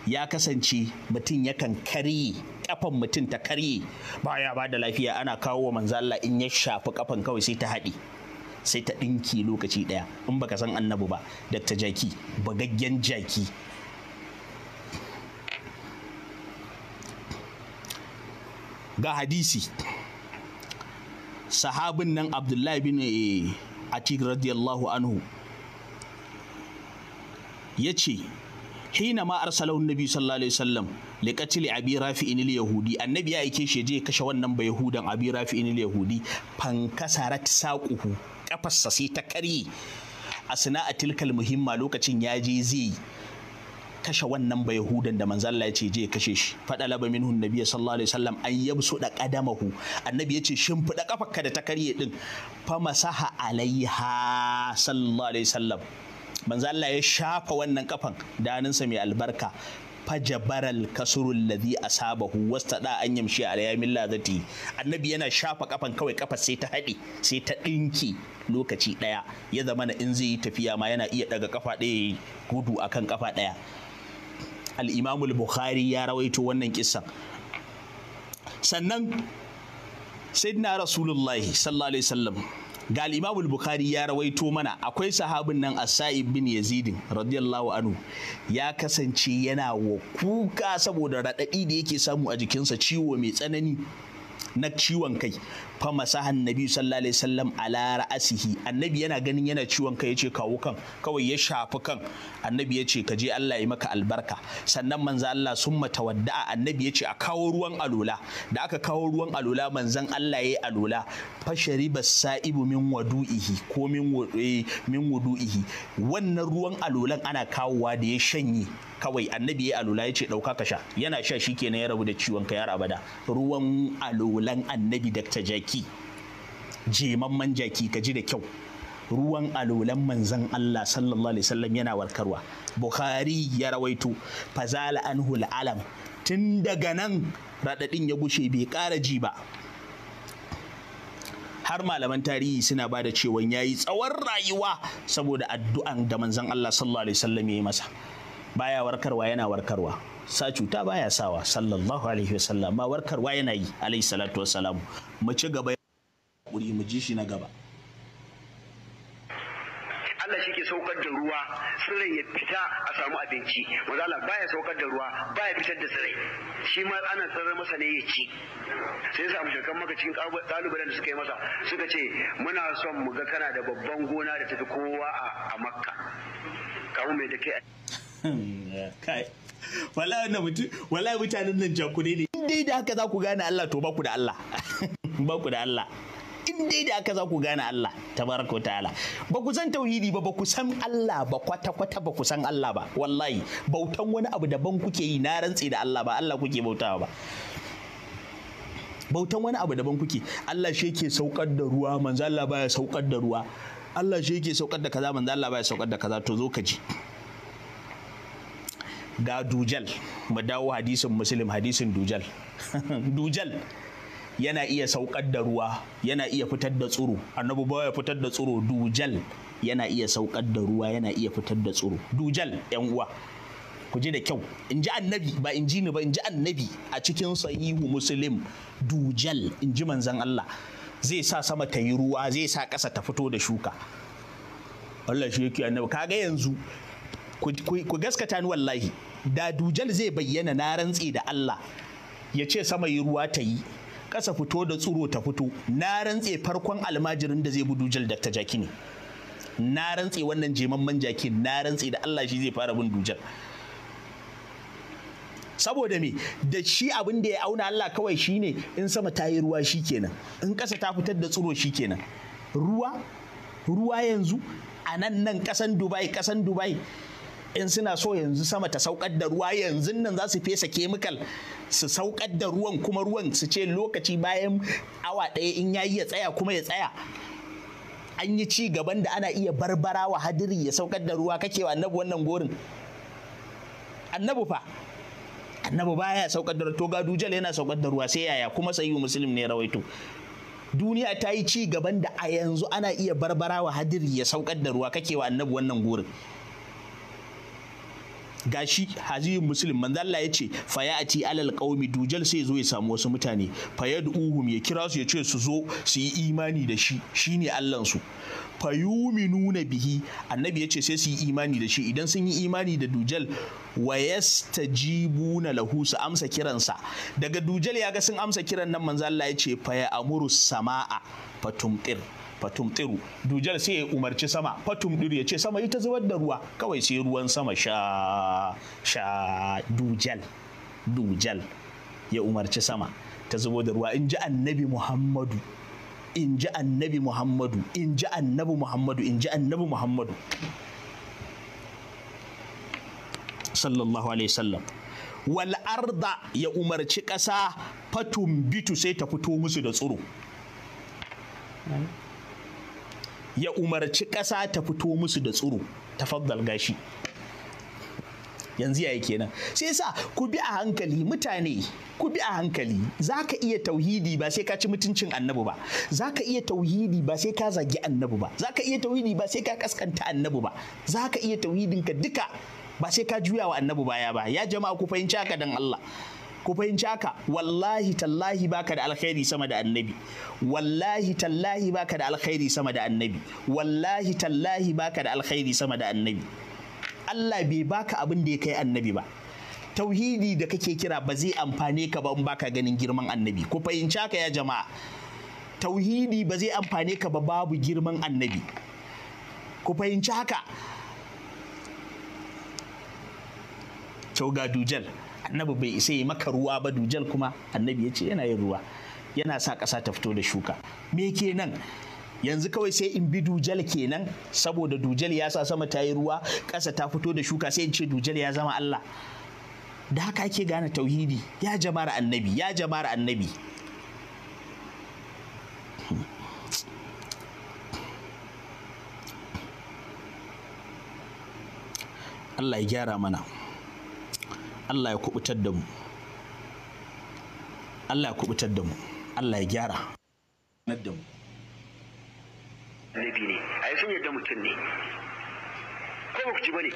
Speaker 1: ya kasance mutum yakan karye kafan mutum ta karye baya ba da lafiya ana kawo wa Manzala in ya shafi kafan kawai sai ta haɗe, sai ta ɗinki lokaci ɗaya in baka san annabi ba dakta jaki bagaggen jaki ga hadisi sahabin nan abdullahi bin eh, atik radiyallahu anhu ya ce hina ma arsalahu nabi sallallahu alaihi wasallam li abi rafi'in yahudi annabi ya aike shi je kashe wannan ba yahudan abi rafi'in yahudi fankasarat saquhu ƙafarsa sai ta karye a sana'atil tilkal muhimma lokacin ya je zai kashe wannan ba yahudan da Manzala Allah ya ce je kashe shi Faɗa laba minhu nabi sallallahu alaihi wasallam an yabsu da ƙadamahu. annabi ya ce shimfida kafarka da ta karye din fa masaha alaiha sallallahu alaihi wasallam manzo Allah ya shafa wannan kafan daninsa mai albarka fajabaral kasurul ladhi asabahu wastada an yamshi a yamin ladati annabi yana shafa kafan kawai kafa sai ta haɗe sai ta ɗinki lokaci ɗaya ya zama in zai yi tafiya ma yana iya daga kafa ɗaya gudu akan ƙafa ɗaya Al'imamul bukhari ya rawaito wannan kisa sannan sayyidina rasulullahi sallallahu alaihi wasallam ga Al'imamul bukhari ya rawaito mana akwai sahabin nan as bin Yazidin radiyallahu anhu ya kasance yana wa kuka saboda radadi da yake samu a jikinsa ciwo mai tsanani na ciwon kai fa masahan nabi sallallahu alaihi wasallam ala ra'asihi annabi yana ganin yana ciwon kai yace kawo kan kawai ya shafi kan annabi yace ka je Allah ya maka albarka sannan manzo Allah sun summa tawadda'a annabi yace a kawo ruwan alola da aka kawo ruwan alola manzon Allah yayi alola fa shariba sa'ibu min wadu'ihi ko min eh, min wudu'ihi wannan ruwan alolan ana kawowa da ya shanye kawai annabi ya alola ya ce ɗauka ka sha yana sha shi kenan ya rabu da ciwon ka yar abada ruwan alolan annabi Dr. jaki jaki jemamman jaki ka ji da kyau ruwan alolan manzan Allah sallallahu alaihi wasallam yana warkarwa Bukhari ya rawaito fazala anhul alam tun daga nan radadin ya gushe bai ƙara ji ba har malaman tarihi suna ba da cewa ya yi tsawon rayuwa saboda addu'an da manzan Allah sallallahu alaihi wasallam ya yi masa baya warkarwa yana warkarwa sa cuta baya sawa sallallahu alaihi wasallam ma warkarwa yana yi alaihi salatu wasalam mu ci gaba hakuri mu ji shi na gaba
Speaker 2: Allah shi ke saukar da ruwa tsirai ya fita a samu abinci wanda baya saukar da ruwa baya fitar da tsirai shi ma ana tsirar masa ne ya ci sai sa shakan maka cikin kalubalen da suka yi masa suka ce muna son mu ga kana da babban gona da tafi kowa a makka kawo mai
Speaker 1: da kai wallahi wannan mutum wallahi mutanen nan jakure ne in dai da haka za ku gane Allah to ba ku da Allah ba ku da Allah in dai da haka za ku gane Allah tabaraka wa ta'ala ba ku san tauhidi ba ba ku san Allah ba kwata kwata ba ku san Allah ba wallahi bautan wani abu daban kuke yi na rantsi da Allah ba Allah kuke bautawa ba bautan wani abu daban kuke Allah shi yake saukar da ruwa manzo Allah baya saukar da ruwa Allah shi yake saukar da kaza manzo Allah baya saukar da kaza to zo ka ji ga dujal mu dawo hadisin muslim hadisin dujal dujal yana iya saukar da ruwa yana iya fitar da tsuro annabi ya fitar da tsuro dujal yana iya saukar da ruwa yana iya fitar da tsuro dujal yan uwa ku ji da kyau in ji annabi ba in ji ni ba in ji annabi a cikin sahihu muslim dujal in ji manzon Allah zai sa sama ta yi ruwa zai sa ƙasa ta fito da shuka Allah shi yake annabi kaga yanzu ku gaskata ni wallahi da dujal zai bayyana na rantse da Allah ya ce sama yi ruwa ta yi ƙasa fito da tsuro ta fito na rantse farkon almajirin da zai bi dujal da ta jaki ne na rantse wannan man jaki na rantse da Allah shi zai fara bin dujal saboda me da shi abin da ya auna Allah kawai shine in sama ta yi ruwa shikenan in ƙasa ta fitar da shi kenan. ruwa ruwa yanzu a nan nan ƙasan Dubai ƙasan Dubai in suna so yanzu sama ta saukar da ruwa yanzu nan za su fesa kemikal su saukar da ruwan kuma ruwan su ce lokaci bayan awa ɗaya in yayi ya tsaya kuma ya tsaya an yi ci gaban da ana iya barbara wa hadiri ya saukar da ruwa kake wa annabu wannan gorin annabu fa annabu baya saukar da to ga dujal yana saukar da ruwa sai yaya kuma sayyu muslim ne rawaito duniya ta yi ci gaban da a yanzu ana iya barbara wa hadiri ya saukar da ruwa kake wa annabu wannan gorin gashi hazi muslim Manzalla Allah ya ce fayati alal qaumi dujal sai zo ya samu wasu mutane fayaduhum ya kira su ya ce su zo su yi imani da shi shine Allahn su yuminuna bihi annabi ya ce sai su yi imani da shi idan sun yi imani da dujal wa yastajibuna lahu su amsa kiransa daga dujal ya ga sun amsa kiran nan Manzalla Allah ya ce faya amuru sama'a tumtir fatum tsiru dujal sai ya umarci sama fatum tsiru ya ce sama yi ta zubar da ruwa kawai sai ruwan sama sha sha dujal dujal ya umarci sama ta zubo da ruwa in ji annabi muhammadu in ji annabi muhammadu in ji annabi muhammadu in ji annabi muhammadu sallallahu alaihi sallam. wal arda ya umarci ƙasa fatum bitu sai ta fito musu da tsoro. ya umarci ƙasa ta fito musu da ta fadal gashi yanzu yayi kenan sai sa ku bi a hankali mutane ku bi a hankali za ka iya tauhidi ba sai ka ci mutuncin annabi ba za ka iya tauhidi ba sai ka zagi annabi ba za ka iya tauhidi ba sai ka kaskanta annabi ba za ka iya tauhidinka duka ba sai ka juya wa annabi baya ba ya jama'a ku fahimci haka dan Allah ku fahimci haka wallahi tallahi baka da alkhairi sama da annabi wallahi tallahi baka da alkhairi sama da annabi wallahi tallahi baka da alkhairi sama da annabi Allah bai baka abin da ya kai annabi ba tauhidi da kake kira ba zai amfane ka ba in baka ganin girman annabi ku fahimci haka ya jama'a tauhidi ba zai amfane ka ba babu girman annabi ku fahimci haka Kyau ga dujal annabi bai isa yi maka ruwa ba dujal kuma annabi ya ce yana yin ruwa yana sa ƙasa ta fito da shuka me kenan yanzu kawai sai in bi dujal kenan saboda dujal ya sa sama ta yi ruwa ƙasa ta fito da shuka sai in ce dujal ya zama Allah da haka ake gane tauhidi ya jama'ar annabi ya jama'ar annabi Allah ya gyara mana Allah ya kubutar da mu Allah ya kubutar da mu Allah ya gyara da mu
Speaker 2: annabi ne ai sun yadda mutum ne ko ba ku ji bane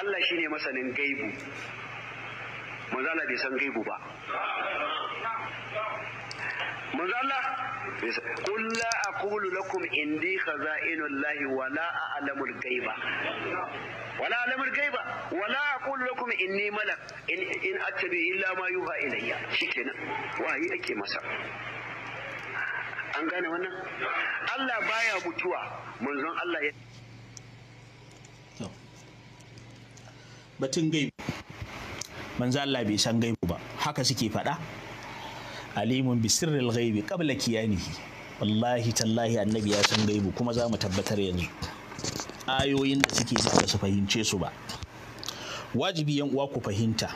Speaker 2: Allah shine masanin gaibu manzo Allah bai san gaibu ba قل لا أقول لكم إني خزائن الله ولا أعلم الغيب ولا أعلم الغيب ولا أقول لكم إني ملك إن, إن أتبع إلا ما يوحى إلي شكنا وهي أكي مسا an gane wannan Allah baya mutuwa manzon Allah ya
Speaker 1: batun gaibu manzo Allah bai san gaibu ba haka suke fada alimun bi sirril ghaibi qabla qiyamihi wallahi tallahi annabi ya san gaibu kuma za mu tabbatar yanzu ayoyin da suke ji ba su fahimce su ba wajibi yan uwa ku fahimta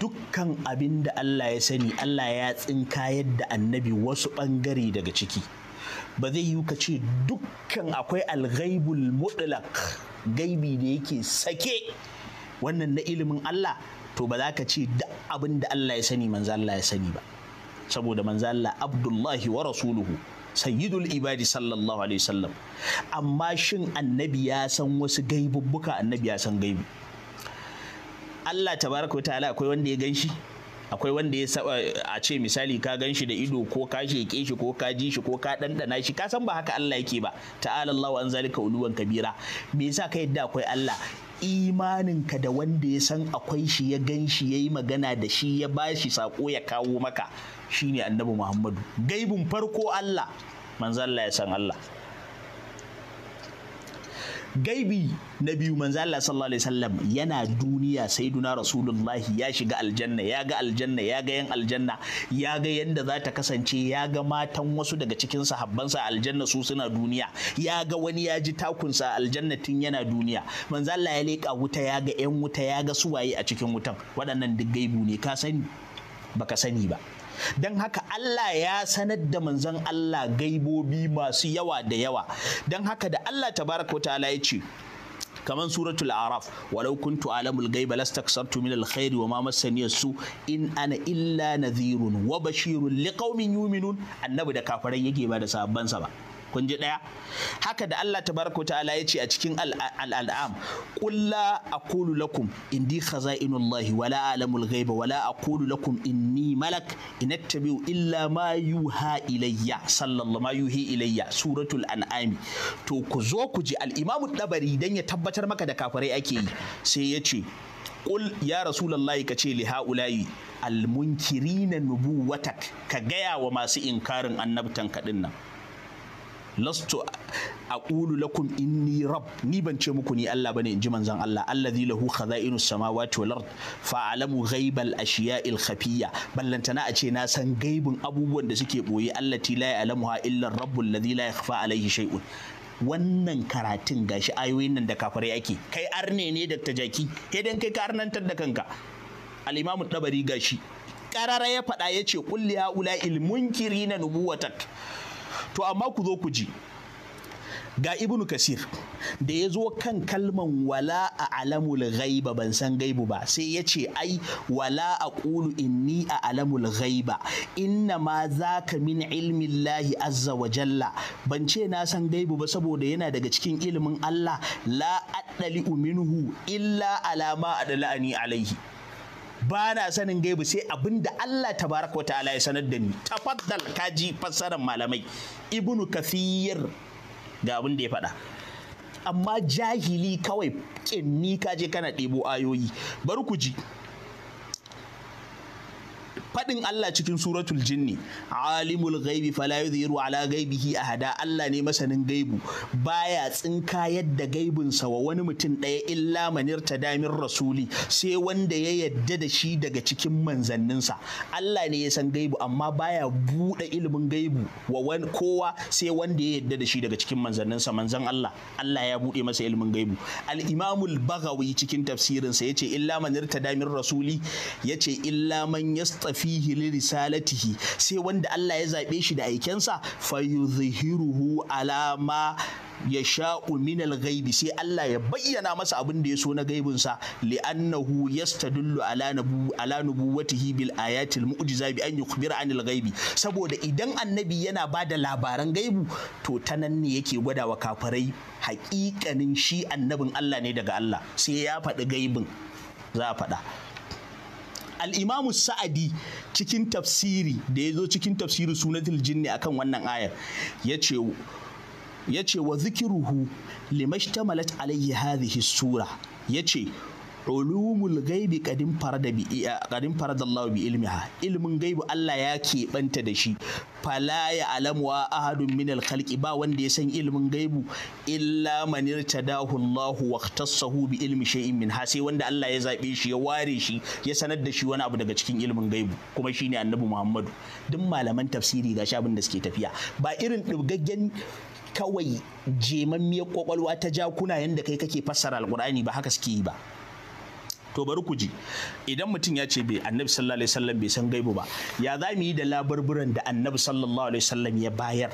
Speaker 1: dukkan abin da Allah ya sani Allah ya tsinka yadda annabi wasu ɓangare daga ciki ba zai yi ka ce dukkan akwai alghaibul mutlaq gaibi da yake sake wannan na ilimin Allah to ba za ka ce duk abin da Allah ya sani manzo Allah ya sani ba saboda manzo Allah Abdullahi wa rasuluhu sayyidul ibadi sallallahu alaihi wasallam amma shin annabi ya san wasu gaibubbuka annabi ya san gaibu Allah tabaraka ta'ala akwai wanda ya ganshi akwai wanda ya saba a ce misali ka ganshi da ido ko ka sheke shi ko ka ji shi ko ka dandana shi ka san ba haka Allah yake ba ta'ala Allahu an zalika uluwan kabira me yasa ka yadda akwai Allah imaninka da wanda ya san akwai shi ya gan shi ya yi magana da shi ya ba shi sako ya kawo maka shine annabi muhammadu gaibin farko allah manzan allah ya san allah gaibi na biyu manzo Allah sallallahu alaihi wasallam yana duniya sayyiduna rasulullahi ya shiga aljanna ya ga aljanna ya ga yan aljanna ya ga yanda za ta kasance ya ga matan wasu daga cikin sahabbansa a aljanna su suna duniya ya ga wani ya ji takunsa a aljanna tun yana duniya manzo Allah ya leka wuta ya ga yan wuta ya ga suwaye a cikin wutan waɗannan duk gaibu ne ka sani baka sani ba don haka Allah ya sanar da manzon Allah gaibobi masu yawa da yawa don haka da Allah tabaraka ta'ala ya ce kamar suratul araf walau kuntu alamul gaiba lastaksartu min alkhairi wa ma massani su in ana illa nadhirun wa bashirun liqaumin yu'minun annabi da kafarai yake ba da sahabbansa ba kun ji ɗaya haka da Allah tabaraka ta'ala ya ce a cikin al'am kulla aqulu lakum indi khaza'inullahi wala alamul ghaiba wala aqulu lakum inni malak inattabi'u illa ma yuha ilayya sallallahu ma yuhi ilayya suratul an'ami to ku zo ku ji al-imamu dabari dan ya tabbatar maka da kafirai ake yi sai ya ce Ƙul ya Rasulallah ka ce li ha'ulayi almunkirina nubuwatak ka gaya wa masu inkarin annabtan kaɗin nan. lastu aqulu lakum inni rabb ni ban ce muku ni Allah bane inji manzon Allah allazi lahu khaza'inu samawati wal ard fa'alamu ghaibal ashiya'il khafiyya ballantana a ce na san gaibin abubuwan da suke boye allati la ya'lamuha illa rabbul ladhi la yakhfa alayhi shay'un wannan karatun gashi ayoyin nan da kafirai ake kai arne ne da tajaki. kai dan kai ka arnantar da kanka al-imamu dabari gashi karara ya faɗa ya ce kulli ula ilmunkiri na nubuwatak to amma ku zo ku ji ga ibnu kasir da ya zo kan kalman wala a alamul ghaiba ban san gaibu ba sai ya ce ai wala a ƙulu inni a alamul ghaiba inna ma za ka min ilmin lahi azza wa jalla ban ce na san gaibu ba saboda yana daga cikin ilimin allah la aɗali minhu illa alama a la'ani alaihi ba na sanin gaibu sai abin da Allah tabaraka wa ta'ala ya sanar da ni tafaddal kaji fassarar malamai ibnu kafiyar ga abin da ya faɗa amma jahili kawai kinni kaje kana ɗebo ayoyi bari ku ji faɗin Allah cikin suratul jinni alimul ghaibi fala yudhiru ala ghaibihi ahada Allah ne masanin gaibu baya tsinka yadda gaibin sa wa wani mutum ɗaya illa manir damin rasuli sai wanda ya yadda da shi daga cikin manzanninsa Allah ne ya san gaibu amma baya buɗe ilimin gaibu wa wani kowa sai wanda ya yadda da shi daga cikin manzanninsa manzan Allah Allah ya buɗe masa ilimin gaibu al-imamul bagawi cikin tafsirinsa yace illa manir damin rasuli yace illa man yastafi fihi li risalatihi sai wanda Allah ya zaɓe shi da aikensa fa yuzhiruhu ala ma ya sha'u minal gaibi sai Allah ya bayyana masa abin da ya so na gaibinsa li'annahu yastadullu ala nabu ala nubuwatihi bil ayatil mu'jiza bi an yukhbira anil gaibi saboda idan annabi yana bada labaran gaibu to ta ne yake gwadawa wa kafirai haƙiƙanin shi annabin Allah ne daga Allah sai ya faɗi gaibin za a faɗa al'imamu sa'adi cikin tafsiri da ya zo cikin tafsiri sunatul jinni akan wannan ayar ya ce ya ce wa zikiruhu limashta malat alayhi hadhihi sura ya ce ulumul gaibi kadin farada bi kadin Allah bi ilmiha ilmin gaibi Allah ya keɓanta da shi fala ya wa ahadun min khalqi ba wanda ya san ilmin gaibu illa man irtadahu Allah wa ikhtassahu bi ilmi shay'in min ha sai wanda Allah ya zabe shi ya ware shi ya sanar da shi wani abu daga cikin ilmin gaibu kuma shine annabi Muhammadu duk malaman tafsiri gashi abin da suke tafiya ba irin dubgaggen kawai jemammiyar kwakwalwa ta jakuna yadda kai kake fassara alkur'ani ba haka suke yi ba to bari ku ji idan mutum ya ce bai annabi sallallahu alaihi wasallam bai san gaibu ba ya za mu yi da labarburan da annabi sallallahu alaihi wasallam ya bayar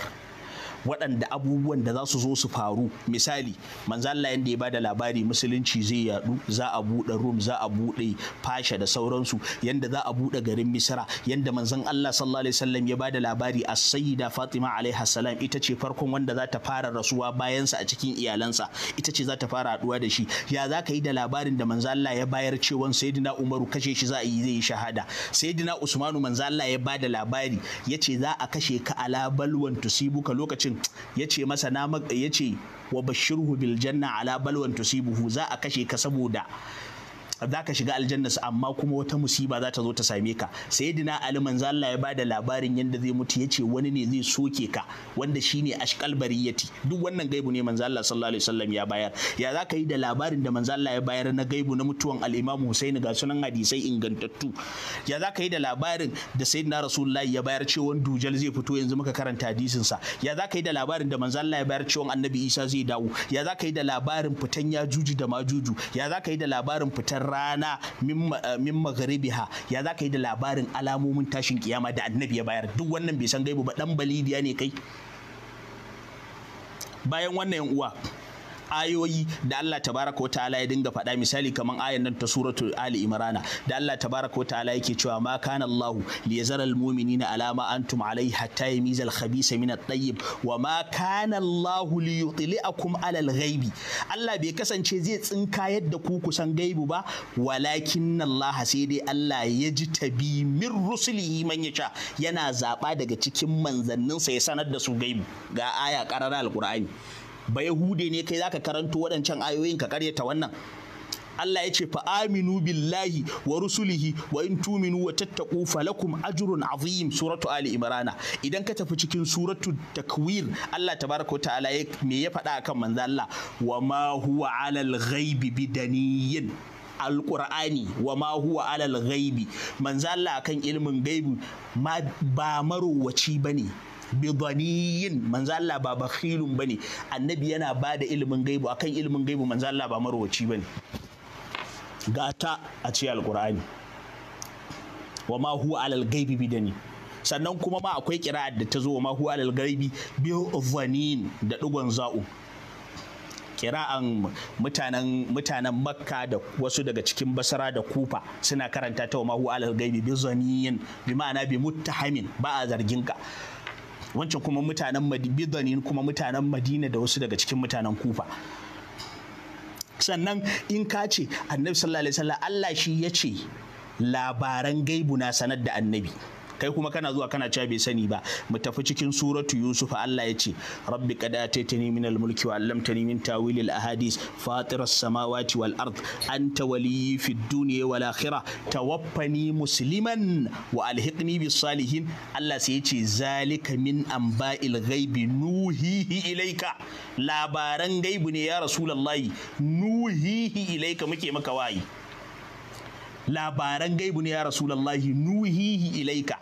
Speaker 1: waɗanda abubuwan da za su zo su faru misali Manzala yadda ya bada labari musulunci zai yadu za a buɗe rum za a buɗe fasha da sauransu yadda za a buɗe garin Misira yadda Manzan Allah sallallahu alaihi wasallam ya bada labari a sayyida Fatima alaiha salam ita ce farkon wanda za ta fara rasuwa bayansa a cikin iyalansa ita ce za ta fara haɗuwa da shi ya za ka yi da labarin da allah ya bayar cewan sayyidina Umaru kashe shi za a yi zai yi shahada sayyidina Usmanu allah ya bada labari ya ce za a kashe ka ala balwan tusibuka lokacin mutum ya ce masa na ya ce wa bashirhu biljanna ala balwan tusibuhu za a kashe ka saboda za ka shiga aljanna su amma kuma wata musiba za ta zo ta same ka sayyidina ali manzo Allah ya bada labarin yanda zai mutu yace wani ne zai soke ka wanda shine ashqal bariyati duk wannan gaibu ne manzo Allah sallallahu alaihi wasallam ya bayar ya za ka yi da labarin da manzo Allah ya bayar na gaibu na mutuwan al-Imam Husaini ga sunan hadisai ingantattu ya za ka yi da labarin da sayyidina Rasulullahi ya bayar cewa dujal zai fito yanzu muka karanta hadisin sa ya za ka yi da labarin da manzo Allah ya bayar cewa annabi Isa zai dawo ya za ka yi da labarin fitan yajuju da majuju ya za ka yi da labarin fitar rana eh, min magharibiha ya za ka yi da labarin alamomin tashin kiyama da annabi ya bayar duk wannan bai san gaibu ba dan balidiya ne kai bayan wannan uwa ayoyi da Allah tabaraka ta'ala ya dinga faɗa misali kamar ayan nan ta suratul Ali imrana da Allah tabaraka ta'ala yake cewa ma kana Allah li yazara al mu'minina ala ma antum alayhi hatta yamiza al khabisa min at tayyib wa ma kana Allah li yutli'akum ala al ghaibi Allah bai kasance zai tsinka yadda ku kusan gaibu ba walakin Allah sai dai Allah ya ji tabi min rusulihi man yasha yana zaba daga cikin manzanninsa ya sanar da su gaibu ga aya karara alqur'ani ba yahude ne kai zaka karanto waɗancan ayoyin ka karyata wannan Allah ya ce fa aminu billahi wa rusulihi wa in tuminu wa tattaqu falakum ajrun azim suratu ali imrana idan ka tafi cikin suratu takwir Allah tabaraka wa ta'ala me ya faɗa akan manzo Allah wa ma huwa alal ghaibi bidaniyin alkur'ani wa ma huwa alal ghaibi manzo Allah akan ilmin gaibi ma ba marowaci bane bidaniyin manzo Allah ba bakhilun bane annabi yana bada ilimin gaibu akan ilimin gaibu manzo Allah ba marwaci bane gata a ce alqur'ani wa ma huwa alal gaibi bidani sannan kuma ma akwai kira'ar da ta zo wa ma huwa alal gaibi bi'vanin da digon za'u kira'an mutanen mutanen makka da wasu daga cikin basara da kufa suna karanta ta wa huwa alal gaibi bi zaniyin bi ma'ana bi muttahamin ba a zargin ka wancan kuma mutanen bidanin kuma mutanen madina da wasu daga cikin mutanen kufa sannan in ka ce annabi sallallahu alaihi wasallam Allah shi ya ce labaran gaibu na sanar da annabi kai kuma kana zuwa kana cewa bai sani ba mu tafi cikin suratu yusuf Allah ya ce rabbi qad ataitani min al-mulki wa 'allamtani min tawil al-ahadith fatir as-samawati wal ard anta waliyyi fid dunya wal akhirah tawaffani musliman wa alhiqni bis salihin Allah sai ya ce zalika min amba'il ghaibi nuhihi ilaika labaran gaibu ne ya rasulullahi nuhihi ilaika muke maka wayi labaran gaibu ne ya rasulullahi nuhihi ilaika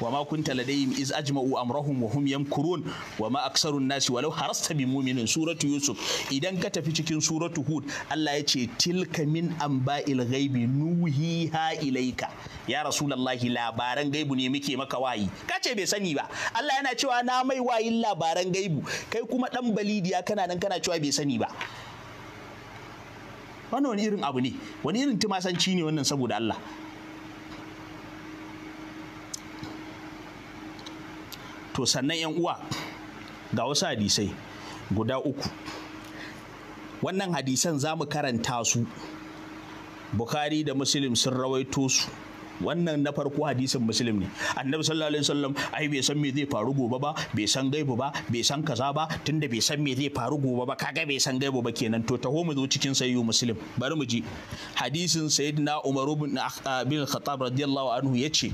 Speaker 1: wa ma kunta ladayhim iz ajma'u amrahum wa hum yamkurun wa ma aksarun nasi walau harasta bi mu'minin suratu yusuf idan ka tafi cikin suratu hud Allah ya ce tilka min amba'il ghaibi nuhiha ilaika ya rasulullahi labaran gaibu ne muke maka wayi ka ce bai sani ba Allah yana cewa na mai wayin labaran gaibu kai kuma dan balidiya kana nan kana cewa bai sani ba wannan wani irin abu ne wani irin tumasanci ne wannan saboda Allah to sannan yan uwa ga wasu hadisai guda uku wannan hadisan za mu karanta su Bukhari da Muslim sun rawaito su wannan na farko hadisin muslim ne annabi sallallahu alaihi wasallam ai bai san me zai faru gobe ba bai san gaibu ba bai san kaza ba tunda bai san me zai faru gobe ba kaga bai san gaibu ba kenan to taho mu zo cikin sayyu muslim bari mu ji hadisin sayyidina umar ibn ah, bin khattab radiyallahu anhu yace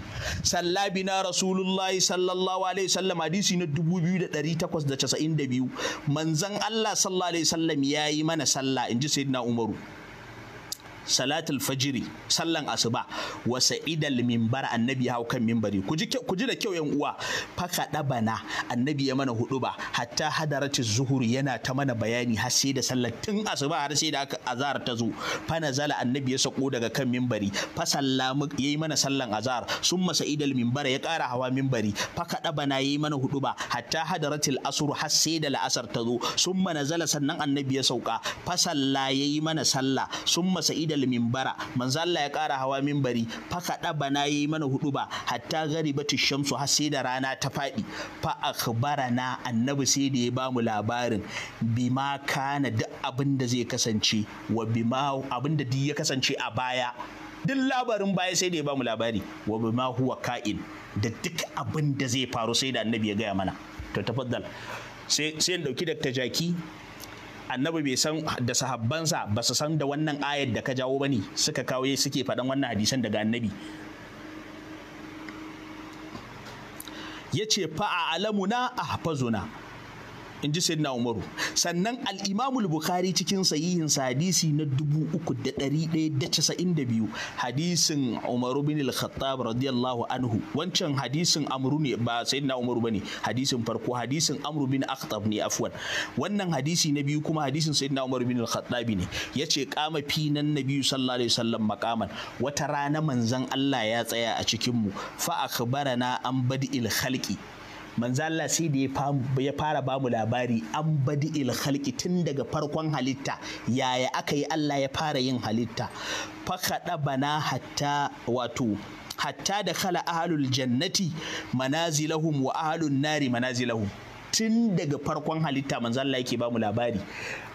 Speaker 1: salla bina rasulullahi sallallahu alaihi wasallam hadisi na 2892 manzon Allah sallallahu alaihi wasallam yayi mana sallah inji sayyidina umaru salatul fajiri sallan asuba wa sa'idal minbar annabi hau kan minbari ku ji da kyau yan uwa faka dabana annabi ya mana hudu hatta hadarati zuhur yana ta mana bayani har sai da sallar tun asuba har sai da azhar ta zo fa nazala annabi ya sako daga kan minbari fa sallamu yayi mana sallan azhar summa sa'idal minbar ya kara hawa minbari faka dabana yayi mana huɗuba, hatta hadaratil asr har sai da la'asar ta zo summa nazala sannan annabi ya sauka fa salla yayi mana sallah summa sa'idal ilal minbara manzo Allah ya kara hawa mimbari fa bana bana yi mana hudu ba hatta garibatu shamsu har sai da rana ta faɗi fa na annabi sai da ya bamu labarin bima kana duk abin da zai kasance wa bima abin da duk ya kasance a baya duk labarin baya sai da ya bamu labari wa bima huwa ka'in da duk abin da zai faru sai da annabi ya gaya mana to tafaddal sai sai dauki dakta jaki annabi bai san da sahabbansa ba su san da wannan ayar da ka jawo ba ne suka kawo suke faɗan wannan hadisan daga annabi ya ce fa'a alamuna a hafazuna in ji sayyidina umaru sannan al-imamul bukhari cikin sahihin hadisi na 3192 hadisin umaru bin al-khattab radiyallahu anhu wancan hadisin amru ne ba sayyidina umaru bane hadisin farko hadisin amru bin akhtab ne afwan wannan hadisi na biyu kuma hadisin sayyidina umaru bin al-khattab ne yace kama finan nabiyyu sallallahu alaihi wasallam maqaman wata rana manzon Allah ya tsaya a cikin mu fa akhbarana an badil khalqi manzo Allah sai da ya fara ba mu labari an badi il khalqi tun daga farkon halitta yaya aka yi Allah ya fara yin halitta fakada bana hatta wato hatta da khala ahlul jannati manazilahum wa ahlun nari manazilahum tun daga farkon halitta manzo Allah yake ba mu labari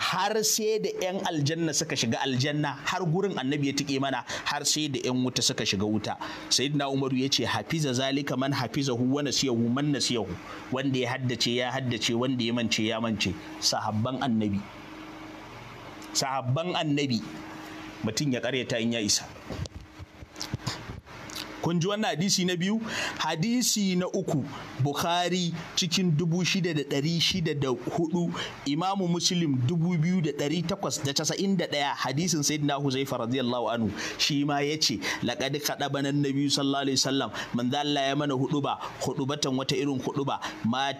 Speaker 1: har sai da yan aljanna suka shiga aljanna har gurin annabi ya tike mana har sai da yan wuta suka shiga wuta sayyidina umaru ya ce hafiza zalika man hafizahu wa nasiyahu man nasiyahu wanda ya haddace ya haddace wanda ya mance ya mance sahabban annabi sahabban annabi mutum ya karyata in ya isa kun ji wannan hadisi na biyu hadisi na uku bukhari cikin dubu shida da dari shida da hudu imamu muslim dubu biyu da dari takwas da casa'in da ɗaya hadisin sayyidina huzaifa radiyallahu anhu shi ma ya ce laƙadi kaɗa banan biyu sallallahu alaihi man manzo Allah ya mana huɗuba huɗubatan wata irin huɗuba ma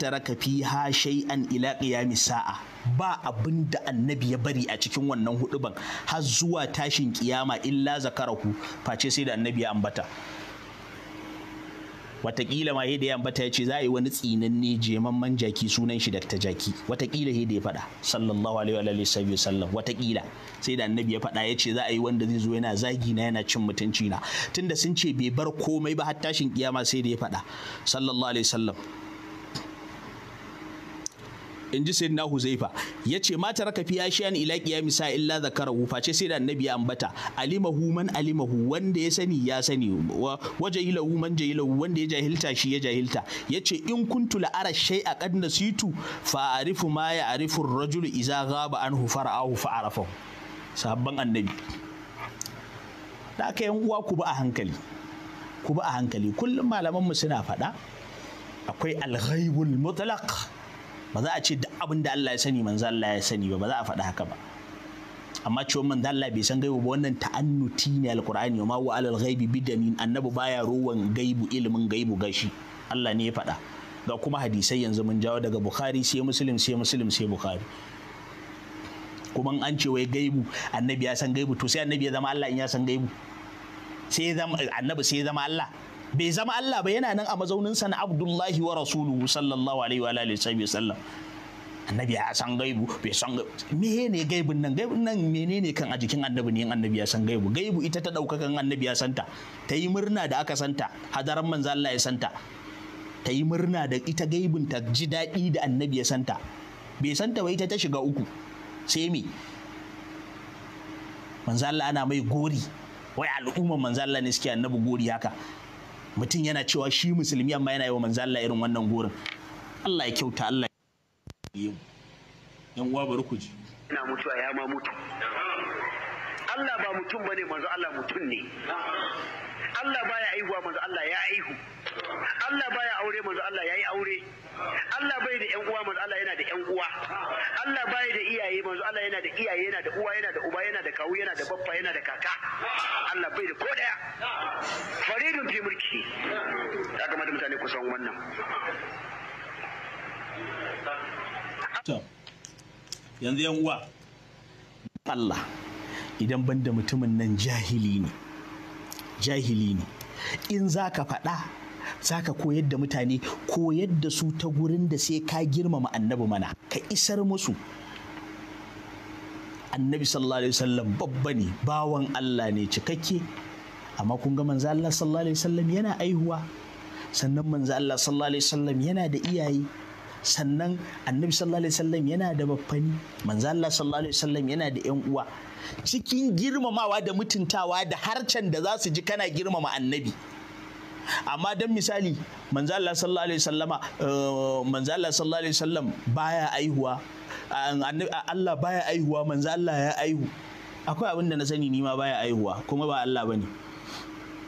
Speaker 1: ha shai an ila ƙiyami sa'a ba abin da annabi ya bari a cikin wannan huduban har zuwa tashin kiyama illa zakarahu face sai da annabi ya ambata watakila ma hede bata ya ce za a yi wani tsinanne jemamman jaki sunan shi da jaki watakila hede ya faɗa sallallahu alaihi wa sallam watakila sai da annabi ya faɗa ya ce za a yi wanda zai zo yana zagi na yana cin mutunci na tunda sun ce bai bar komai ba har tashin kiyama sai da ya faɗa sallallahu alaihi sallam. in ji sayyidina huzaifa ya ce ma ya fi ashiyan ila qiyami misa illa zakarahu face sai da annabi ya ambata alimahu man alimahu wanda ya sani ya sani wa jahilahu man wanda ya jahilta shi ya jahilta yace in kuntu la ara shay'a qad nasitu fa arifu ma ya arifu rajulu idza ghaba anhu fara'ahu fa arafahu sabban annabi da aka yan uwa ku ba a hankali ku ba a hankali kullum malaman mu suna faɗa akwai alghaibul mutlaq ba za a ce duk abin da Allah ya sani manzo Allah ya sani ba ba za a faɗi haka ba amma cewa manzo Allah bai san gaibu ba wannan ta'annuti ne alqur'ani ma wa alal ghaibi bidamin annabi baya ruwan gaibu ilimin gaibu gashi Allah ne ya faɗa ga kuma hadisai yanzu mun jawo daga bukhari sai muslim sai muslim sai bukhari kuma an ce wai gaibu annabi ya san gaibu to sai annabi ya zama Allah in ya san gaibu sai annabi sai ya zama Allah bai zama Allah ba yana nan a mazaunin sa na Abdullahi wa Rasuluhu sallallahu alaihi wa alihi sallam annabi ya san gaibu bai san gaibu menene gaibun nan gaibun nan menene kan a jikin annabi ne annabi ya san gaibu gaibu ita ta daukakan annabi ya santa ta yi murna da aka santa hadaran manzo Allah ya santa ta yi murna da ita gaibun ta ji daɗi da annabi ya santa bai santa ba ita ta shiga uku sai me manzo Allah ana mai gori wai al'umma manzo Allah ne suke annabi gori haka mutum yana cewa shi musulmi amma yana yi wa manzo Allah irin wannan gurin
Speaker 2: Allah ya kyauta
Speaker 1: Allah ya yan uwa bari ku ji
Speaker 2: ina mutu a yama mutu Allah ba mutum bane manzo Allah mutum ne Allah baya aihuwa manzo Allah ya aihu Allah baya aure manzo Allah yayi aure Allah bai da ƴan uwa manzo Allah yana da ƴan uwa Allah bai da iyaye manzo Allah yana da iyaye yana da uwa yana da uba yana da kawu yana da babba, yana da kaka Allah bai da ko daya faridun fi mulki ya kamata mutane ku san wannan
Speaker 1: yanzu ƴan uwa Allah idan ban da mutumin nan jahili ne jahili ne in za ka faɗa Za ka koyar da mutane koyar da su ta gurin da sai ka girmama annabi mana ka isar musu annabi sallallahu alaihi wasallam babba ne bawan Allah ne cikakke amma kun ga manzo Allah sallallahu alaihi wasallam yana aihuwa sannan manzo Allah sallallahu alaihi wasallam yana da iyaye sannan annabi sallallahu alaihi wasallam yana da baffani manzo Allah sallallahu alaihi wasallam yana da yan uwa cikin girmamawa da mutuntawa da harcen da za su ji kana girmama annabi amma dan misali manzo Allah sallallahu alaihi wasallama eh, manzo Allah sallallahu alaihi wasallam baya aihuwa Allah baya aihuwa manzo Allah ya aihu akwai abin da na sani ni ma baya aihuwa kuma ba Allah bane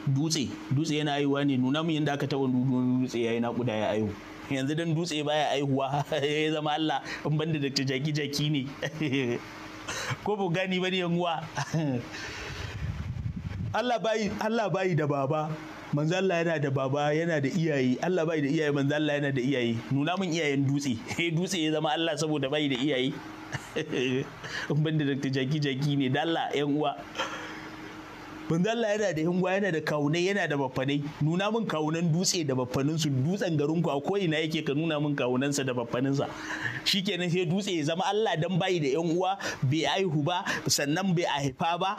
Speaker 1: dutse dutse yana aihuwa ne nuna min yadda aka taɓa dutse yayi naƙuda ya aihu yanzu dan dutse baya aihuwa ya zama Allah in banda da jaki jaki ne ko bu gani bane yan uwa Allah bai Allah bayi da baba manzo Allah yana da baba yana da iyaye Allah bai da iyaye manzo Allah yana da iyaye nuna min iyayen dutse eh dutse ya zama Allah saboda bai da iyaye banda da jaki jaki ne dalla yan uwa Banzalla Allah yana da hingwa yana da kawunai yana da bafanai nuna min kawunan dutse da bafanin su dutsen garin ku a ko ina yake ka nuna min kawunan sa da baffanin sa shikenan sai dutse ya zama Allah dan bayi da yan uwa bai aihu ba sannan bai aifa ba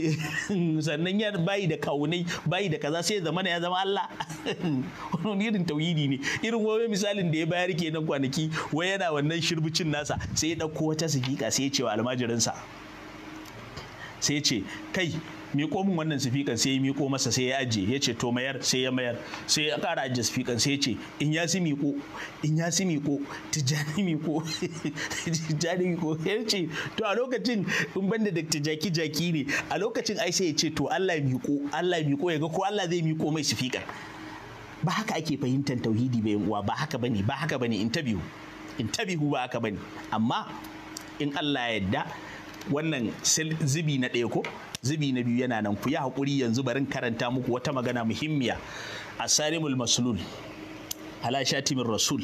Speaker 1: sannan ya bayi da kawunai bayi da kaza sai ya zama ya zama Allah wannan irin tauhidi ne irin wani misalin da ya bayar kenan kwanaki wai yana wannan shirbucin nasa sai ya dauko wata sigiƙa sai ya ce wa almajirinsa sai ya ce kai miƙo min wannan sifikan sai ya miƙo masa sai ya aje ya ce to mayar sai ya mayar sai ya ƙara aje sifikan sai ya ce in ya si miƙo in ya si miƙo tijjani miƙo tijjani miƙo ya ce to a lokacin in banda da tijjaki jaki ne a lokacin ai sai ya ce to Allah miƙo Allah miƙo ya ga ko Allah zai miƙo mai sifikan ba haka ake fahimtar tauhidi bai uwa ba haka bane ba haka bane interview interview ba haka bane amma in Allah ya yarda wannan zubi na ɗaya ko zubi na biyu yana nan ku yi haƙuri yanzu barin karanta muku wata magana muhimmiya a sarimul maslul ala shatimin rasul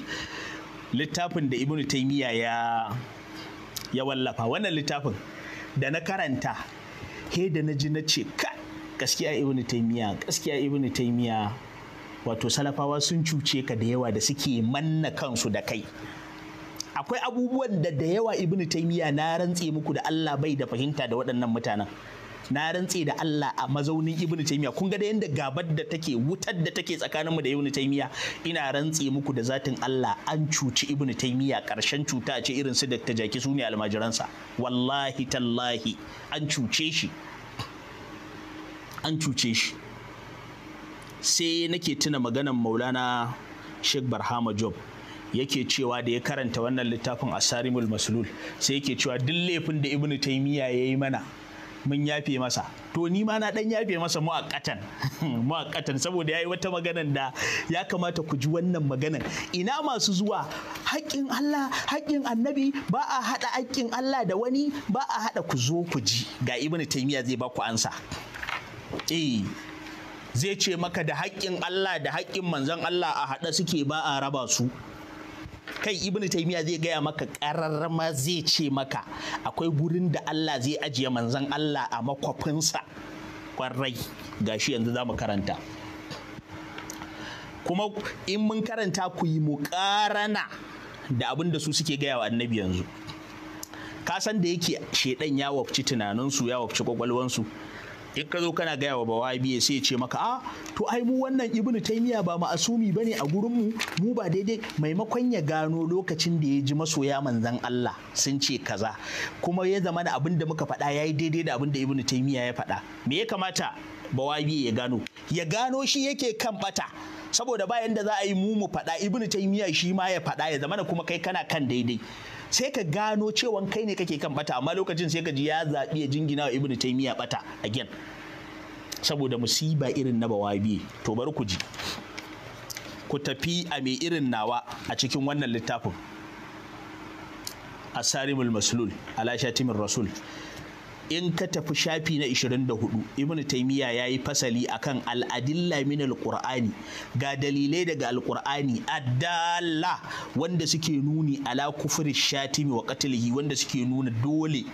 Speaker 1: littafin da ibnu Taimiyya ya ya wallafa wannan littafin da na karanta he da na ji na ce ka gaskiya ibnu Taimiyya, gaskiya ibnu Taimiyya wato salafawa sun cuce ka da yawa da suke manna kansu da kai akwai abubuwan da da yawa ibnu Taimiyya na rantse muku da Allah bai da fahimta da waɗannan mutanen na rantse da Allah a mazaunin Ibn taymiya kun ga da yanda gabar da take wutar da take tsakanin mu da Ibn taymiya ina rantse muku da zatin Allah an cuci Ibn taymiya karshen cuta ce irin su Dr. Jaki su ne almajiransa wallahi tallahi an cuce shi an cuce shi sai nake tuna maganan maulana sheikh barhama job yake cewa da ya karanta wannan littafin asarimul maslul sai yake cewa duk laifin da ibnu ya yi mana mun yafe masa to ni ma na dan yafe masa mu a katan mu a katan saboda yayi wata maganan da ya kamata ku ji wannan maganan ina masu zuwa haƙƙin Allah haƙƙin annabi ba a hada haƙƙin Allah da wani ba a hada ku zo ku ji ga ibnu taymiya zai ba ku ansa eh zai ce maka da haƙƙin Allah da haƙƙin manzon Allah a hada suke ba a raba su kai ibn taymiya zai gaya maka kararrama zai ce maka akwai gurin da Allah zai ajiye manzon Allah a makwafinsa kwarai gashi yanzu za mu karanta kuma in mun karanta ku yi mu muƙarana da abin da su suke gaya wa annabi yanzu ka san da yake shedan ya wafci tunaninsu ya wafci kwakwalwansu in ka zo kana gaya wa bawabi sai ya ce maka a ah, to ai mu wannan ibnu taimiya ba ma'asumi ne a gurin mu mu ba daidai maimakon ya gano lokacin da ya ji masoya manzan Allah sun ce kaza kuma ya zama da abin muka faɗa yayi daidai da abin da ibnu taymiya ya faɗa me ya kamata bawabi ya gano ya gano shi yake kan bata saboda bayan da za a yi mu mu faɗa ibnu taimiya shi ma ya faɗa ya zama da kuma kai kana kan daidai sai ka gano cewan kai ne kake kan bata amma lokacin sai ka ji ya zaɓi ya jingina wa ibnu taymiya bata again saboda musiba irin na bawabi to bari ku ji ku tafi a mai irin nawa a cikin wannan littafin asarimul maslul ala shatimin rasul in ka tafi shafi na 24 ibnu ya yi fasali a kan al'adilla min alqur'ani ga dalilai daga alqur'ani addala wanda suke nuni ala kufri shatimi wa qatlihi wanda suke nuna dole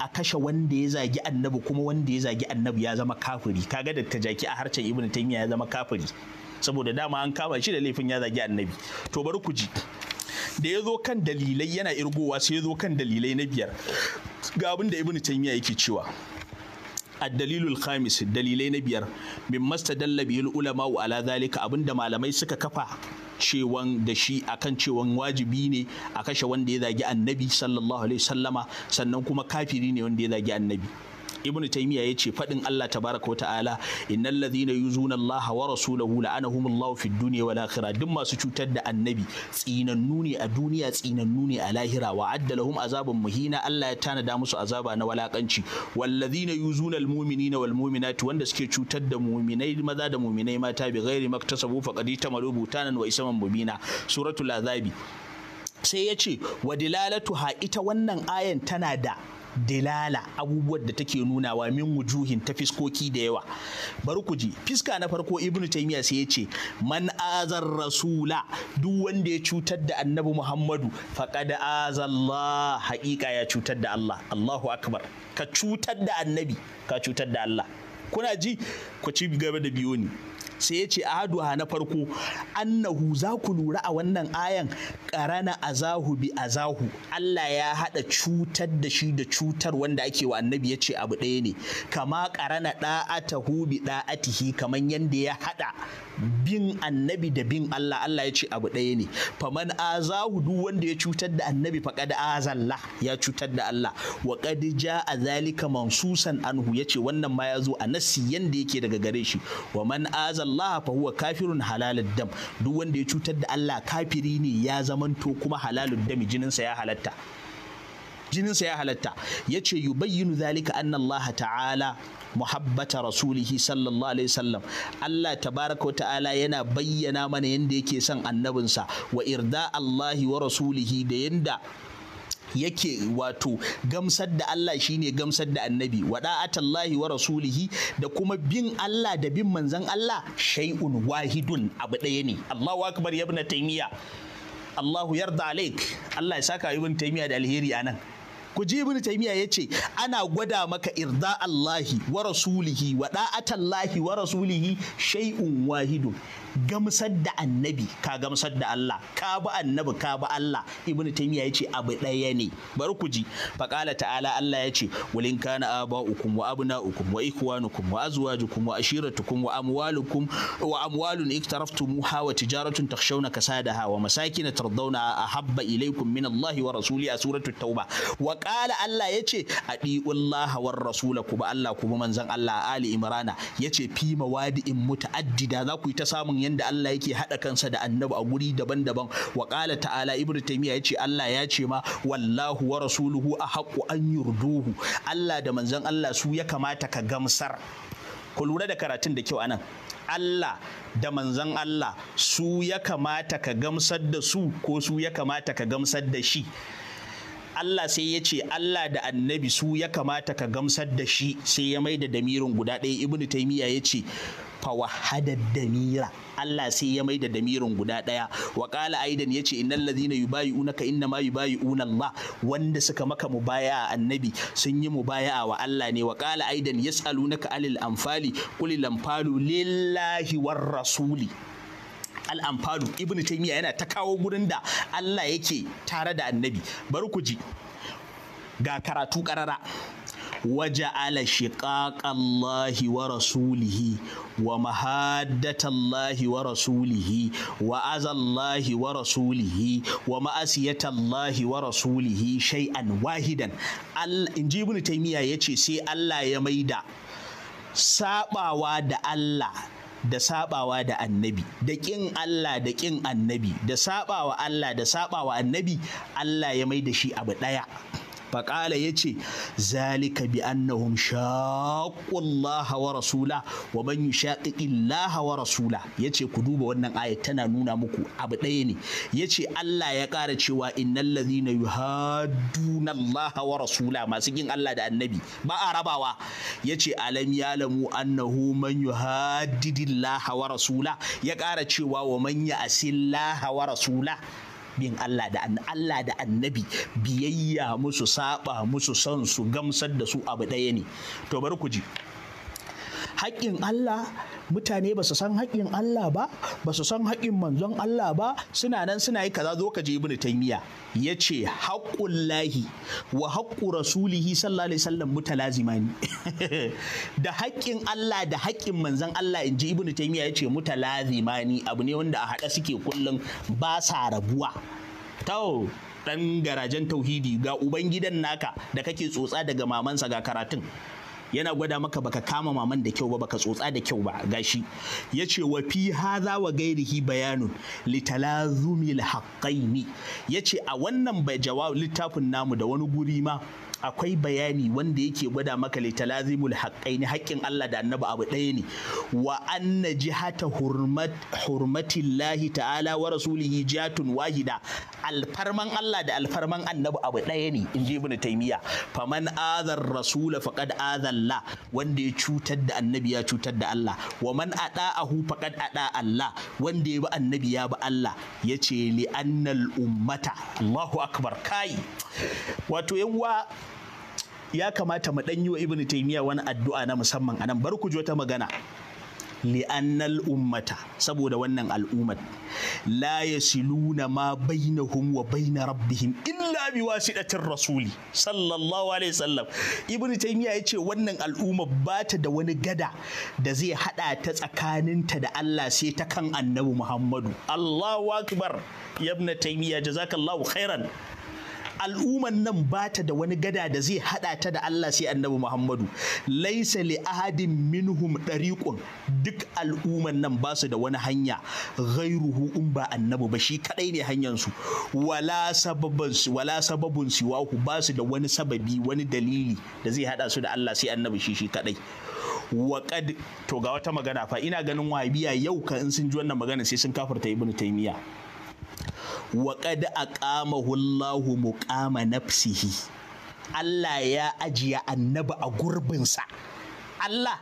Speaker 1: a kashe wanda ya zagi annabi kuma wanda ya zagi annabi ya zama kafiri kaga da tajaki a harcen ibnu taimiya ya zama kafiri saboda dama an kama shi da laifin ya zagi annabi to bari ku ji da ya zo kan dalilai yana irgowa sai ya zo kan dalilai na biyar ga abin da ibnu taymiya yake cewa dalilai na biyar, min مما استدل به العلماء ala zalika abinda malamai suka kafa cewan da shi akan cewan wajibi ne a kashe wanda ya zagi annabi sallallahu alaihi sallama sannan kuma kafiri ne wanda ya zagi annabi ibn taymiya yace fadin Allah tabaraka ta'ala innal ladhina yuzuna Allah wa rasulahu la'anahumullahu fid dunya wal akhirah duk masu cutar da annabi tsinannu ne a duniya tsinannu ne a lahira wa addalahum azabun muhina Allah ya tanada musu azaba na walakanci walladhina yuzuna almu'minina wal mu'minati wanda suke cutar da mu'minai maza da mu'minai mata bi ghairi maktasabu faqad tamalu butanan wa isaman mubina suratul azabi sai yace ce wa ita wannan ayan tana da dilala abubuwan da take nunawa min wujuhin ta fiskoki da yawa bari ku ji fiska na farko ibn taymiya sai yace man azar rasula duk wanda ya cutar da annabi muhammadu faqad azallah haƙiƙa ya cutar da Allah Allahu akbar ka cutar da annabi ka cutar da Allah kuna ji ku ci gaba da biyo ni sai ya ce ahaduha na farko annahu za ku lura a wannan ayan karana azahu bi azahu Allah ya hada cutar da shi da cutar wanda ake wa annabi ya ce abu ɗaya ne kama karana da'atahu bi da'atihi kaman yanda ya hada bin annabi da bin Allah Allah ya ce abu ɗaya ne faman azahu duk wanda ya cutar da annabi faqad azalla ya cutar da Allah wa qad jaa zalika mansusan anhu yace wannan ma ya zo a nasi yanda yake daga gare shi wa man azalla fa huwa kafirun halalud dam duk wanda ya cutar da Allah kafiri ne ya zamanto kuma halalud dam jininsa ya halatta jininsa ya halatta yace yubayyinu zalika anna Allah ta'ala muhabbata rasulihi sallallahu alaihi wasallam Allah tabaraka wa ta'ala yana bayyana mana yanda yake son annabinsa wa irda Allahi wa rasulihi da yanda yake wato gamsar da Allah shine gamsar da annabi wada'atallahi wa rasulihi da kuma bin Allah da bin manzan Allah shay'un wahidun abu ɗaya ne Allahu akbar ibn taymiya Allahu yarda alaik Allah ya saka ibn taymiya da alheri anan ku ji ibnu taymiya yace ana gwada maka irda Allahi wa rasulihi wa da'atallahi wa rasulihi shay'un wahidun gamsar da annabi ka gamsar da Allah ka bi annabi ka bi Allah ibnu taymiya yace abu ɗaya ne bari ku ji faqala ta'ala Allah yace walin kana aba'ukum wa abna'ukum wa ikwanukum wa azwajukum wa ashiratukum wa amwalukum wa amwalun iktaraftumuha wa tijaratun takhshawna kasadaha wa masakin tardawna ahabba ilaykum min Allah wa rasuli a suratul tauba wa qala Allah yace adi'u Allah war rasula ku ba Allah ku bi manzon Allah ali imrana yace fi mawadi'in muta'addida za ku yi ta samun yadda Allah yake haɗa kansa da annabi a guri daban-daban wa ƙala ta'ala ibnu ya ce Allah ya ce ma wallahu wa rasuluhu a haqqu an yurduhu Allah da manzon Allah su ya kamata ka gamsar ku lura da karatun da kyau anan Allah da manzon Allah su ya kamata ka gamsar da su ko su ya kamata ka gamsar da shi Allah sai ya ce Allah da annabi su ya kamata ka gamsar da shi sai ya maida damirin guda ɗaya ibnu taimiya ya ce fawahada damira Allah sai ya maida damirin guda ɗaya wa qala aidan yace innal ladhina yubayi'unaka inna ma yubayi'una Allah wanda suka maka mubaya'a annabi sun yi mubaya'a wa Allah ne wa qala aidan yas'alunaka alil anfali qulil anfalu lillahi war rasuli al'amfalu ibnu taimiya yana ta kawo gurin da Allah yake tare da annabi bari ku ji ga karatu karara وجعل شقاق الله ورسوله ومهادة الله ورسوله وأذى الله ورسوله ومأسية الله ورسوله شيئا واحدا إنجي ابن تيمية يتشي سي الله يميدا sabawa da Allah da sabawa da annabi da kin Allah da kin annabi da sabawa Allah da sabawa annabi Allah ya mai da shi abu ɗaya. faƙala ya ce zalika bi annahum shaqullaha wa rasula wa man yushaqiqillaha wa rasula yace ku duba wannan aya tana nuna muku abu ɗaya ne yace Allah ya ƙara cewa innal ladhina yuhadduna Allah wa rasula masu yin Allah da annabi ba a rabawa yace alam yalamu annahu man yuhaddidillaha wa rasula ya ƙara cewa wa man ya'sillaha wa rasula bin Allah da Allah da annabi biyayya musu saba musu son su gamsar da su abu ɗaya ne to bari ku ji haƙƙin Allah mutane ba su san haƙƙin Allah ba ba su san haƙƙin manzon Allah ba suna nan suna yi kaza zo ka je ibnu taymiya yace lahi, wa haqqu rasulihi sallallahu alaihi wasallam mutalazimani da haƙƙin Allah da haƙƙin manzon Allah inji ibnu taymiya yace mutalazimani abu ne wanda a haɗa suke kullun ba sa rabuwa to dan garajen tauhidi ga ubangidan naka da kake tsotsa daga mamansa ga karatun yana gwada maka baka kama maman da kyau ba baka tsotsa da kyau ba gashi ce wa fi haza wa gairihi bayanun litalazumi Ya ce a wannan bai jawab littafin namu da wani guri ma akwai bayani wanda yake gwada maka litalazimul haqqaini Allah da annabi abu ɗaya ne wa anna jihata hurmat hurmatillahi ta'ala wa rasulihi jatun wahida alfarman Allah da alfarman annabi abu ɗaya ne inji ibnu taymiya faman azar rasul faqad azalla wanda ya cutar da annabi ya cutar da Allah wa man ada'ahu faqad ada Allah wanda ya bi annabi ya bi Allah yace li annal ummata Allahu akbar kai wato ya kamata mu ɗan yi wa ibnu taymiya wani addu'a na musamman anan bar ku wata magana li'annal ummata saboda wannan al'ummar la yasiluna ma bainahum wa baina rabbihim illa bi wasidatir rasuli sallallahu alaihi wasallam ibnu taymiya yace wannan al'umma ba ta da wani gada da zai hada ta tsakaninta da Allah sai ta kan annabi Muhammadu Allahu akbar ibnu taymiya jazakallahu khairan Al'ummar nan ba ta da wani gada da zai haɗa ta da Allah sai annabi Muhammadu laisa li ahadin minhum dariqun duk al'umman nan ba su da wani hanya ghairuhu um ba annabi ba shi kadai ne hanyar su wala sababun su wala sababun su wahu ba su da wani sababi wani dalili da zai haɗa su da Allah sai annabi shi shi kadai kad to ga wata magana fa ina ganin wahabiya yau ka in sun ji wannan magana sai sun kafarta ibnu taymiya wa qad aqamahu Allahu muqama nafsihi Allah ya ajiye annabi a gurbinsa Allah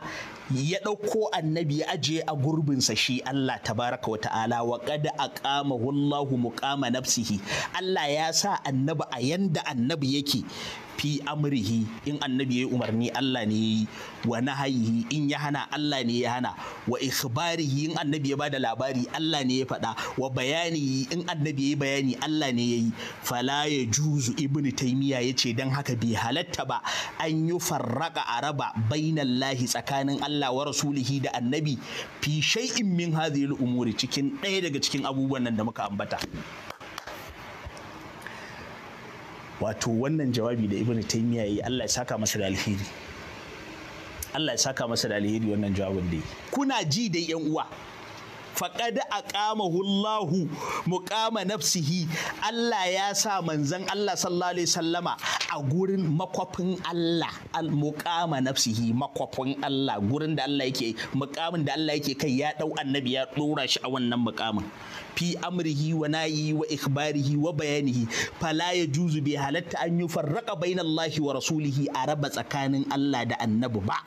Speaker 1: ya ɗauko annabi ya ajiye a gurbinsa shi Allah tabaraka wa ta'ala a qad aqamahu Allahu muqama nafsihi Allah ya sa annabi a yanda annabi yake fi amrihi in annabi ya umarni Allah ne yi wa nahayihi in ya hana Allah ne ya hana wa ikhbarihi in annabi ya bada labari Allah ne ya faɗa wa bayani in annabi ya bayani Allah ne yayi fala ya juzu ibnu ya ce dan haka bai halatta ba an yi farraka raba bainallahi tsakanin Allah wa rasulihi da annabi fi shay'in min hadhihi al-umuri cikin ɗaya daga cikin abubuwan nan da muka ambata wato wannan jawabi da ibn taymiya yi Allah ya saka masa da alheri Allah ya saka masa da alheri wannan jawabin da yi kuna ji da yan uwa faqad aqamahu Allah muqama nafsihi Allah ya sa manzon Allah sallallahu alaihi sallama a gurin makwafin Allah al muqama nafsihi makwafin Allah gurin da Allah yake muqamin da Allah yake kai ya dau annabi ya dora shi a wannan muqamin fi amrihi wa nayi wa ikhbarihi wa bayanihi fala ya juzu bai halatta an yi farraka bainallahi wa rasulihi a raba tsakanin Allah da annabi ba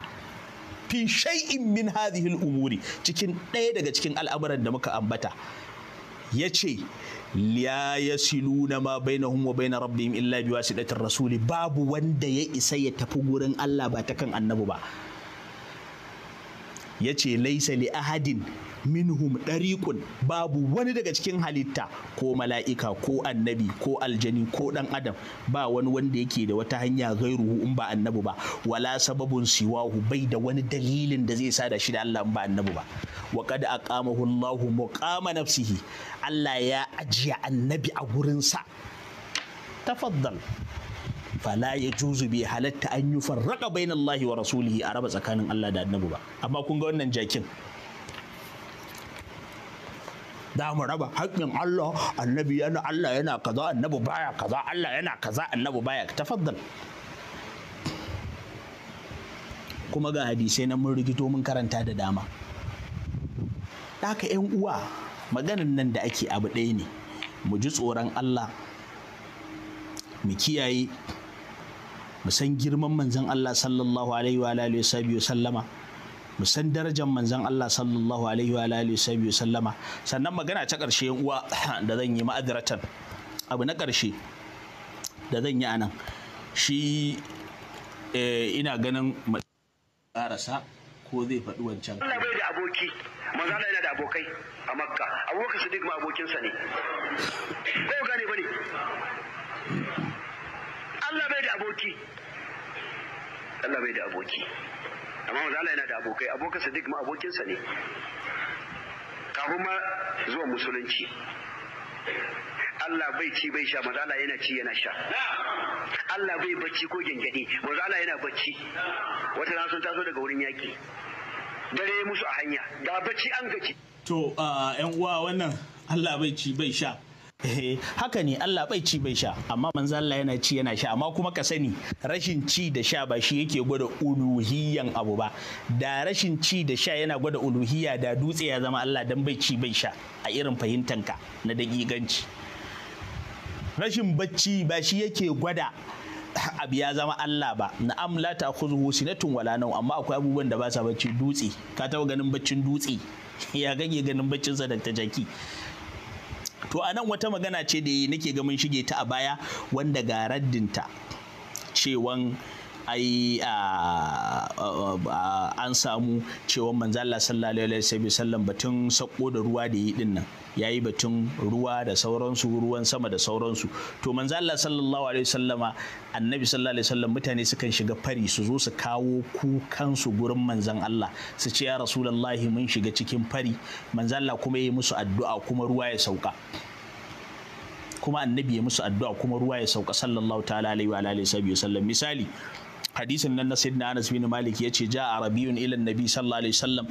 Speaker 1: fi shay'in min hadhihi umuri cikin ɗaya daga cikin al'amuran da muka ambata yace la yasiluna ma bainahum wa bain rabbihim illa biwasitatir rasuli babu wanda ya isa ya tafi gurin Allah ba ta kan annabi ba yace laisa li ahadin minhum ɗariƙun babu wani daga cikin halitta ko mala'ika ko annabi ko aljani ko ɗan adam ba wani wanda yake da wata hanya gairuhu in ba annabu ba wala sababun siwahu bai da wani dalilin da zai sa da shi da Allah in ba annabu ba wa qad aqamahu Allahu muqama nafsihi Allah ya ajiye annabi a gurinsa tafaddal fala ya juzu bai halatta an yi farraka bainallahi wa rasulihi a raba tsakanin Allah da annabi ba amma kun ga wannan jakin za mu raba haƙƙin Allah annabi yana Allah yana kaza annabi baya kaza Allah yana kaza annabi baya tafaddal kuma ga hadisai na mun rigito mun karanta da dama ɗaka 'yan uwa maganan nan da ake abu ɗaya ne mu ji tsoron Allah mu kiyaye mu san girman manzon Allah sallallahu alaihi wa alihi wa sallama mu san darajar manzon Allah sallallahu alaihi wa alihi wa sallama sannan magana ta ƙarshe uwa da zan yi ma'adratan abu na ƙarshe da zan yi anan shi eh, ina ganin ƙarasa ko zai faɗi wancan
Speaker 2: Allah bai da aboki manzo Allah yana da abokai a Makka Abubakar Siddiq ma abokinsa ne ko gane bane Allah bai da aboki Allah bai da aboki amma manzo Allah yana da abokai abokan Sadiq ma abokin sa ne kafin ma zuwa musulunci Allah bai ci bai sha manzo Allah yana ci yana sha Allah bai bacci ko gengade manzo Allah yana bacci wata ran sun taso daga wurin yaki dare musu a hanya da bacci an gaci
Speaker 1: to yan ah, uwa wannan Allah bai ci bai sha Eh, haka ne Allah bai ci bai sha amma manzo Allah yana ci yana sha amma kuma ka sani rashin ci da sha ba shi yake gwada uluhiyyan abu ba da rashin ci da sha yana gwada uluhiyya da dutse ya zama Allah dan bai ci bai sha a irin fahimtanka na dagiganci rashin bacci ba shi yake gwada abu ya zama Allah ba na'am la ta'khudhuhu sinatun wala nawm amma akwai abubuwan da ba sa bacci dutse ka taba ganin baccin dutse ya gage ganin baccin sa da ta jaki to a nan wata magana ce da nake ga mun shige ta a baya wanda ga raddinta cewan ai an samu cewa manzala sallallahu alaihi wasallam batun sako da ruwa da yi dinnan ya yi batun ruwa da sauransu ruwan sama da sauransu to manzo Allah sallallahu alaihi wasallama annabi sallallahu alaihi wasallam mutane sukan shiga fari su zo su kawo kukan su gurin manzon Allah su ce ya rasulullahi mun shiga cikin fari manzo Allah kuma ya yi musu addu'a kuma ruwa ya sauka kuma annabi ya musu addu'a kuma ruwa ya sauka sallallahu ta'ala alaihi wa alihi wasallam misali hadisin nan na sayyidina Anas bin Malik ce ja arabiyun ila nabi sallallahu alaihi wasallam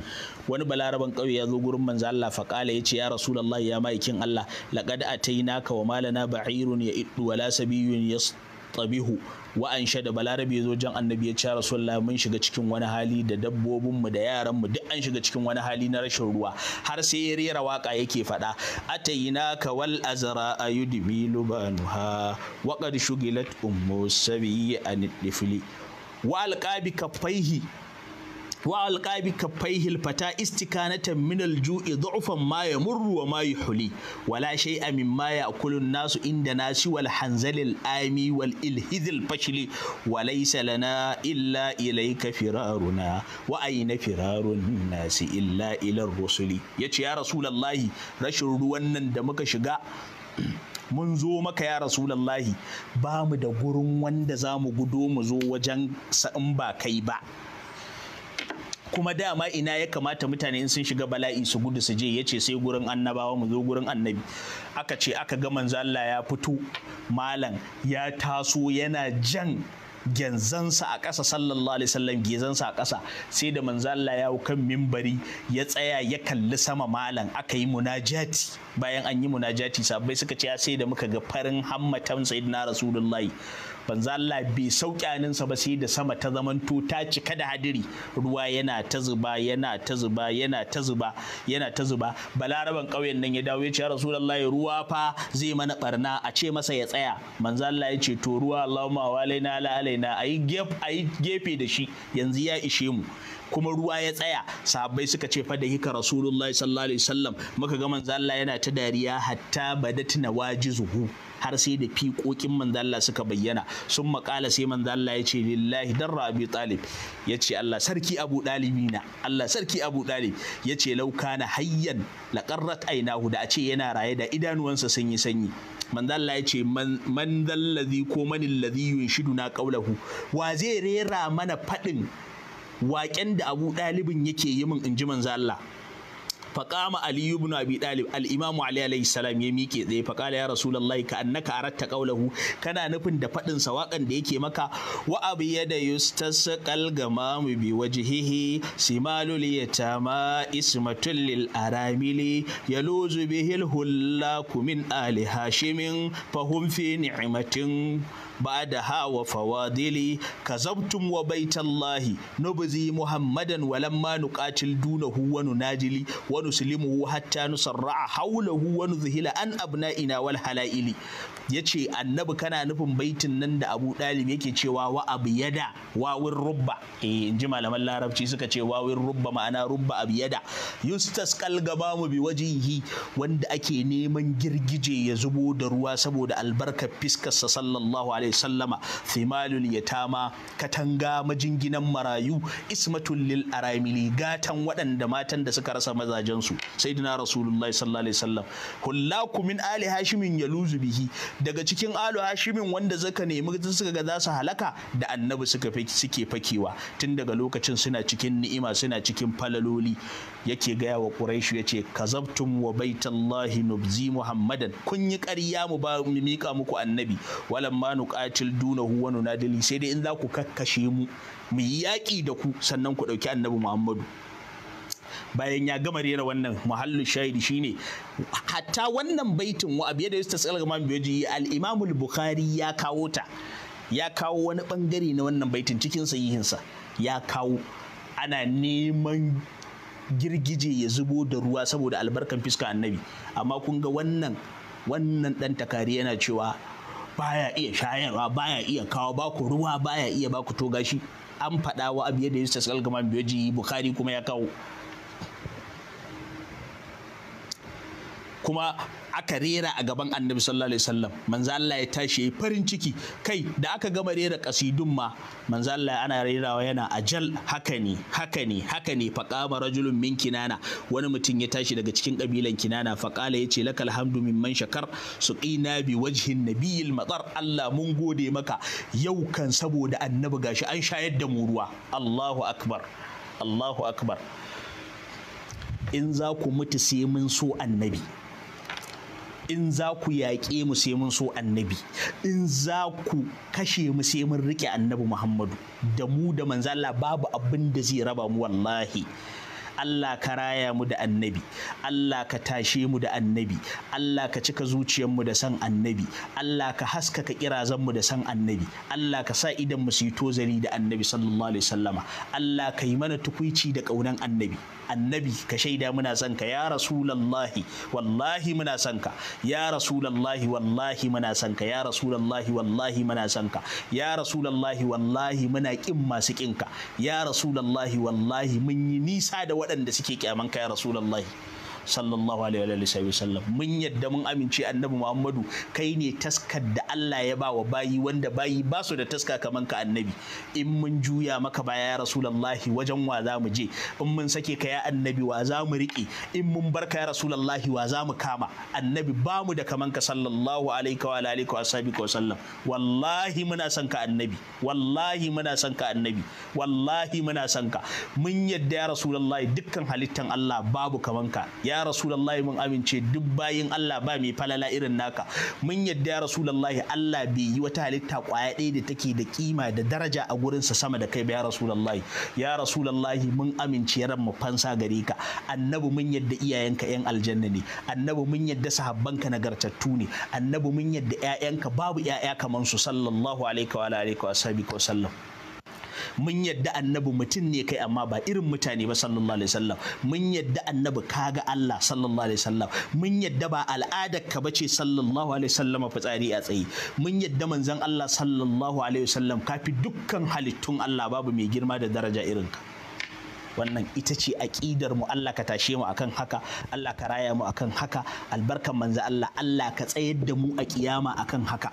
Speaker 1: wani balaraban kauye ya zo gurin manzo Allah fa kala yace ya rasulullahi ya maikin Allah laqad atainaka wa malana ba'irun ya iddu wala sabiyun yastabihu wa an da balarabe ya zo jan annabi ya ce rasulullah mun shiga cikin wani hali da dabbobinmu da yaran mu duk an shiga cikin wani hali na rashin ruwa har sai ya rera waka yake faɗa atayina ka wal azra ayudmi lubanuha wa qad shugilat ummu sabi an wa alqabi kaffaihi wa alqabi kaffaihil fata istikanatan min alju'i du'fan ma yamurru wa ma yuhli wala shay'a mimma ya'kulun nasu inda nasi wal hanzalil ami wal ilhizil fashli wa laysa lana illa ilayka firaruna wa firarun nasi illa ila rusuli yace ya rasulullahi rashin ruwan nan da muka shiga mun zo maka ya rasulallahi ba mu da gurin wanda za mu gudo mu zo wajen in ba kai ba kuma dama ina ya kamata mutane in sun shiga bala'i su gudu su je ya ce sai gurin annabawa mu zo gurin annabi aka ce aka ga manzo Allah ya fito malam ya taso yana jan genzansa a ƙasa sallallahu alaihi wasallam genzansa a ƙasa sai da manzo Allah ya kan mimbari ya tsaya ya kalli sama malam aka yi munajati bayan an yi munajati sabai suka ce sai da muka ga farin hammatan sayyidina rasulullahi banza Allah bai sauke aninsa ba sai da sama ta zamanto ta cika da hadiri ruwa yana ta zuba yana ta zuba yana ta zuba yana ta zuba balaraban ƙauyen nan ya dawo ya ce rasulullahi ruwa fa zai mana barna a ce masa ya tsaya manzo Allah ya ce to ruwa Allahumma walaina ala alaina ayi gefe da shi yanzu ya ishe mu kuma ruwa ya tsaya sahabbai suka ce fa da hika rasulullahi sallallahu alaihi wasallam muka ga manzo Allah yana ta dariya hatta badatna wajizuhu har sai da fiƙoƙin manzalla suka bayyana sun maƙala sai manzalla ya ce lillahi dan rabi talib ya ce Allah sarki abu ɗalibi na Allah sarki abu ɗalib ya ce laukana hayyan laƙarrat ainahu da a ce yana raye da idanuwansa sun yi sanyi manzalla ya ce man dallazi ko manin ladhi yunshiduna qawlahu wa zai rera mana faɗin waƙen da abu ɗalibin yake yi min in ji manzalla faqama ali ibn abi talib al imamu ali alayhi salam ya miƙe tsaye faqala ya rasulullahi ka annaka aratta qawlahu kana nufin da faɗin sa wakan da yake maka Wa'abu wa abi yada yustasqal gamam bi wajhihi simalul yatama ismatul lil aramili yaluzu bihi al hullaku ali hashimin fahum fi ni'matin بعدها وفواضلي كذبتم وبيت الله نبذي محمدا ولما نقاتل دونه ونناجلي ونسلمه حتى نسرع حوله ونذهل عن أبنائنا والحلائل ya ce annabi kana nufin baitin nan da abu yake cewa wa abu yada wawin rubba eh in ji malaman larabci suka ce wawin rubba ma'ana rubba abu yada yustas kalgaba mu bi wajihi wanda ake neman girgije ya zubo da ruwa saboda albarkar fiskarsa sallallahu alaihi sallama thimalul yatama katanga majinginan marayu ismatul lil aramili gatan waɗanda matan da suka rasa mazajensu sayyidina rasulullahi sallallahu alaihi sallam. hullaku min ali hashimin yaluzu bihi daga cikin alu hashimin wanda zaka nemi suka ga za su halaka da annabi suka suke fakewa tun daga lokacin suna cikin ni'ima suna cikin falaloli yake gaya wa quraishu yace kazabtum wa baitallahi nubzi muhammadan kun yi karya mu ba mu mika muku annabi Walan ma nuqatil dunahu wa nunadili sai dai in za ku kakkashe mu mu yi yaƙi da ku sannan ku ɗauki annabi muhammadu bayan ya gama rera wannan muhallu shahidi shine hatta wannan baitin wa abiya da yastasqal gamam biyaji al-imam al-bukhari ya kawo ta ya kawo wani bangare na wannan baitin cikin sahihinsa ya kawo ana neman girgije ya zubo da ruwa saboda albarkan fiska annabi amma kun ga wannan wannan dan takari yana cewa baya iya shayarwa baya iya kawo baku ruwa baya iya baku togashi an faɗa wa abiye da yusuf algaman biyoji bukhari kuma ya kawo kuma aka rera a gaban annabi sallallahu alaihi wasallam manzo Allah ya tashi yayi farin ciki kai da aka gama rera kasidun ma manzo Allah ana rerawa yana ajal haka ne haka ne haka ne faqama rajulun min kinana wani mutum ya tashi daga cikin kabilan kinana faqala yace lakal hamdu mimman shakar suqina bi wajhin nabiyil matar Allah mun gode maka yau kan saboda annabi gashi an shayar da mu ruwa Allahu akbar Allahu akbar in za ku mutu sai mun so annabi in za ku yaƙe mu sai mun so annabi in za ku kashe mu sai mun riƙe annabi muhammadu da mu da Manzala babu abin da zai raba mu wallahi Allah ka raya mu da annabi Allah ka tashe mu da annabi Allah ka cika mu da san annabi Allah ka haskaka mu da san annabi Allah ka sa idan mu su yi tozari da annabi sallallahu alaihi wasallama Allah ka yi mana tukuici da ƙaunan annabi annabi ka shaida muna son ka ya rasulallahi wallahi muna son ka ya rasulallahi wallahi muna son ka ya rasulallahi wallahi muna son ka ya rasulallahi wallahi muna kin masu ƙinka ya rasulallahi wallahi mun yi nisa da waɗanda suke kyaman ka ya rasulallahi sallallahu alaihi wa sallam mun yadda mun amince annabi Muhammadu kai ne taskar da Allah ya ba wa bayi wanda bayi ba su da taska kaman ka annabi in mun juya maka baya ya rasulullahi wajen wa za mu je in mun sake ka ya annabi wa za mu riƙe in mun barka ya rasulullahi wa za mu kama annabi ba mu da kaman ka sallallahu alaihi wa alihi wa sallam wallahi muna son ka annabi wallahi muna son ka annabi wallahi muna son ka mun yadda ya rasulullahi dukkan halittan Allah babu kaman ka ya ya mun amince duk bayin Allah ba mai falala irin naka mun yadda ya rasulullahi Allah bai yi wata halitta kwaya ɗaya da take da kima da daraja a gurinsa sama da kai ba ya rasulullahi ya rasulullahi mun amince ran mu fansa gare ka annabi mun yadda iyayenka yan aljanna ne annabi mun yadda sahabbanka nagartattu ne annabi mun yadda ƴaƴanka babu ƴaƴa kaman su sallallahu alaihi wa alihi wa sahbihi wa sallam mun yadda annabi mutum ne kai amma ba irin mutane ba sallallahu alaihi wasallam mun yadda annabi kaga Allah sallallahu alaihi wasallam mun yadda ba al'adar ka bace sallallahu alaihi wasallam fitsari a tsaye mun yadda manzon Allah sallallahu alaihi wasallam kafi dukkan halittun Allah babu mai girma da daraja irin ka wannan ita ce aƙidar mu Allah ka tashe mu akan haka Allah ka raya mu akan haka albarkan manzo Allah Allah ka tsayar da mu a kiyama akan haka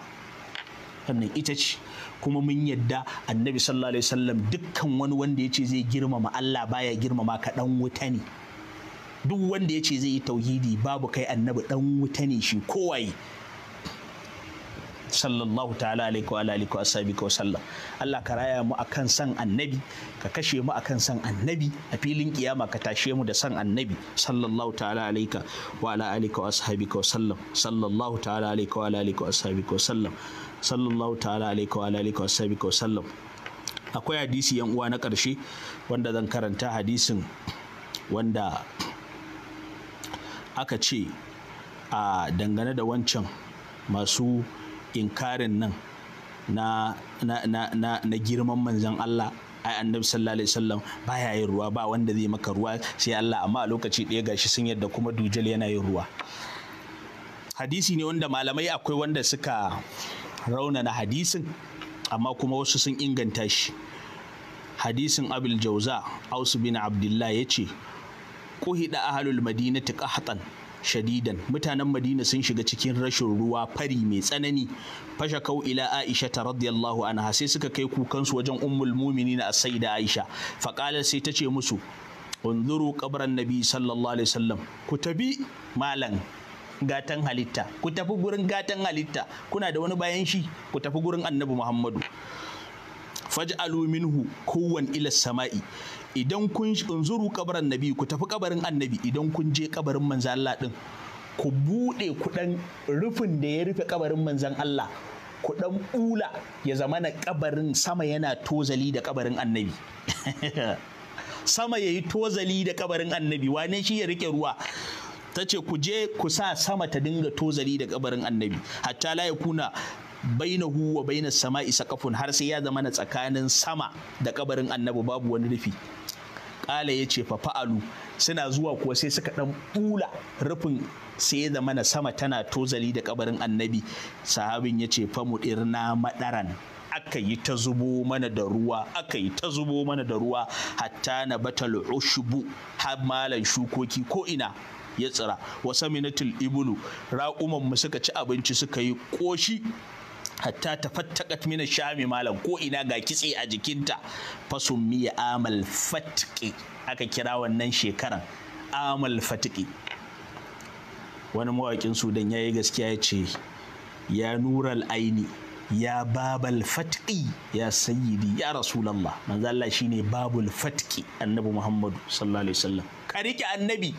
Speaker 1: wannan ita ce kuma mun yadda annabi sallallahu alaihi wasallam dukkan wani wanda ya ce zai girmama Allah baya girmama ka dan wuta ne duk wanda ya ce zai yi tauhidi babu kai annabi dan wuta ne shi kowaye sallallahu ta'ala alaihi wa alihi wa sahbihi wa sallam Allah ka raya mu akan san annabi ka kashe mu akan san annabi a filin kiyama ka tashe mu da san annabi sallallahu ta'ala alaihi wa ala alihi wa sahbihi wa sallam sallallahu ta'ala alaihi wa alihi wa sahbihi wa sallam sallallahu ta'ala alaihi wa alihi wa sallam akwai hadisi yan uwa na karshe wanda zan karanta hadisin wanda aka ce a dangane da wancan masu inkarin nan na, na girman manzan Allah ai annabi sallallahu alaihi wasallam ya yin ruwa ba wanda zai maka ruwa sai Allah amma a lokaci ɗaya gashi sun yadda kuma dujal yana yin ruwa hadisi ne wanda malamai akwai wanda suka raunana hadisin amma kuma wasu sun inganta shi hadisin abul jauza ausu bin abdullah ya ce kuhida ahalul madinati qahtan shadidan mutanen madina sun shiga cikin rashin ruwa fari mai tsanani fasha kau ila aisha ta radiyallahu anha sai suka kai kukansu wajen ummul muminina as-sayyida aisha faqala sai ta ce musu unzuru qabran nabi sallallahu alaihi wasallam ku tabi malan gatan halitta ku tafi gurin gatan halitta kuna da wani bayan shi ku tafi gurin annabi muhammadu faj'alu minhu kowan ila sama'i idan kun zuru kabarin nabi ku tafi kabarin annabi idan kun je kabarin manzan Allah din ku bude kudan rufin da ya rufe kabarin manzan Allah ku dan bula ya zama na kabarin sama yana tozali da kabarin annabi sama yayi tozali da kabarin annabi wane shi ya rike ruwa ta ce ku je ku sa sama ta dinga tozali da kabarin annabi hatta la yakuna bainahu wa baina sama'i saqafun har sai ya zama na tsakanin sama da kabarin annabi babu wani rufi kala ya ce fa fa'alu suna zuwa kuwa sai suka dan bula rufin sai ya zama na sama tana tozali da kabarin annabi sahabin ya ce fa mudirna madaran aka yi ta zubo mana da ruwa aka yi ta zubo mana da ruwa hatta na batal ushbu har malan shukoki ko ina ya tsira wasu minatul ibulu raƙuman mu suka ci abinci suka yi ƙoshi hatta ta fattakat mina shami malam ko ina ga kitse a jikinta fasun miya amal fatki aka kira wannan shekaran amal fatki wani mawaƙin sudan ya yi gaskiya ya ce ya nural aini ya babal fatki ya sayyidi ya rasulallah manzo Allah shine babul fatki annabi muhammadu sallallahu alaihi wasallam ka rike annabi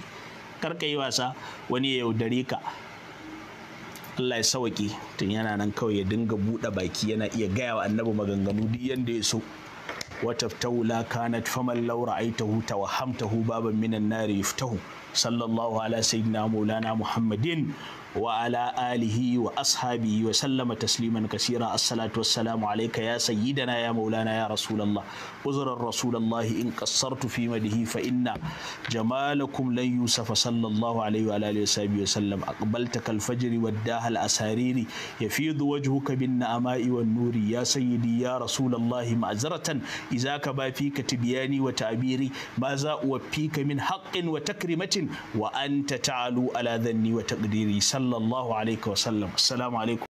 Speaker 1: Kar ka yi wasa wani ya yaudare ka Allah ya sawaki tun yana nan kawai ya dinga buɗe baki yana iya gaya wa annabi maganganu duk yadda ya so wata taula kana faman laura aita huta wa hamta baban minan nari yuftahu sallallahu ala sayyidina maulana muhammadin Wa'ala alihi wa ashabihi wa sallama tasliman kasira assalatu wassalamu alayka ya sayyidana ya maulana ya rasulallah uzurar rasulallahi in qassartu fi madihi fa inna jamalakum lan yusafa sallallahu alaihi wa alihi wa sahbihi wa sallam aqbalta kal fajri wad dahal asariri yafidu wajhuka bin na'ama'i wan nuri ya sayyidi ya rasulallahi ma'zaratan Iza ka ba fika tibyani wa ta'biri ma za ka min haƙƙin wa takrimatin wa anta ta'alu ala dhanni wa taqdiri صلى الله عليه وسلم السلام عليكم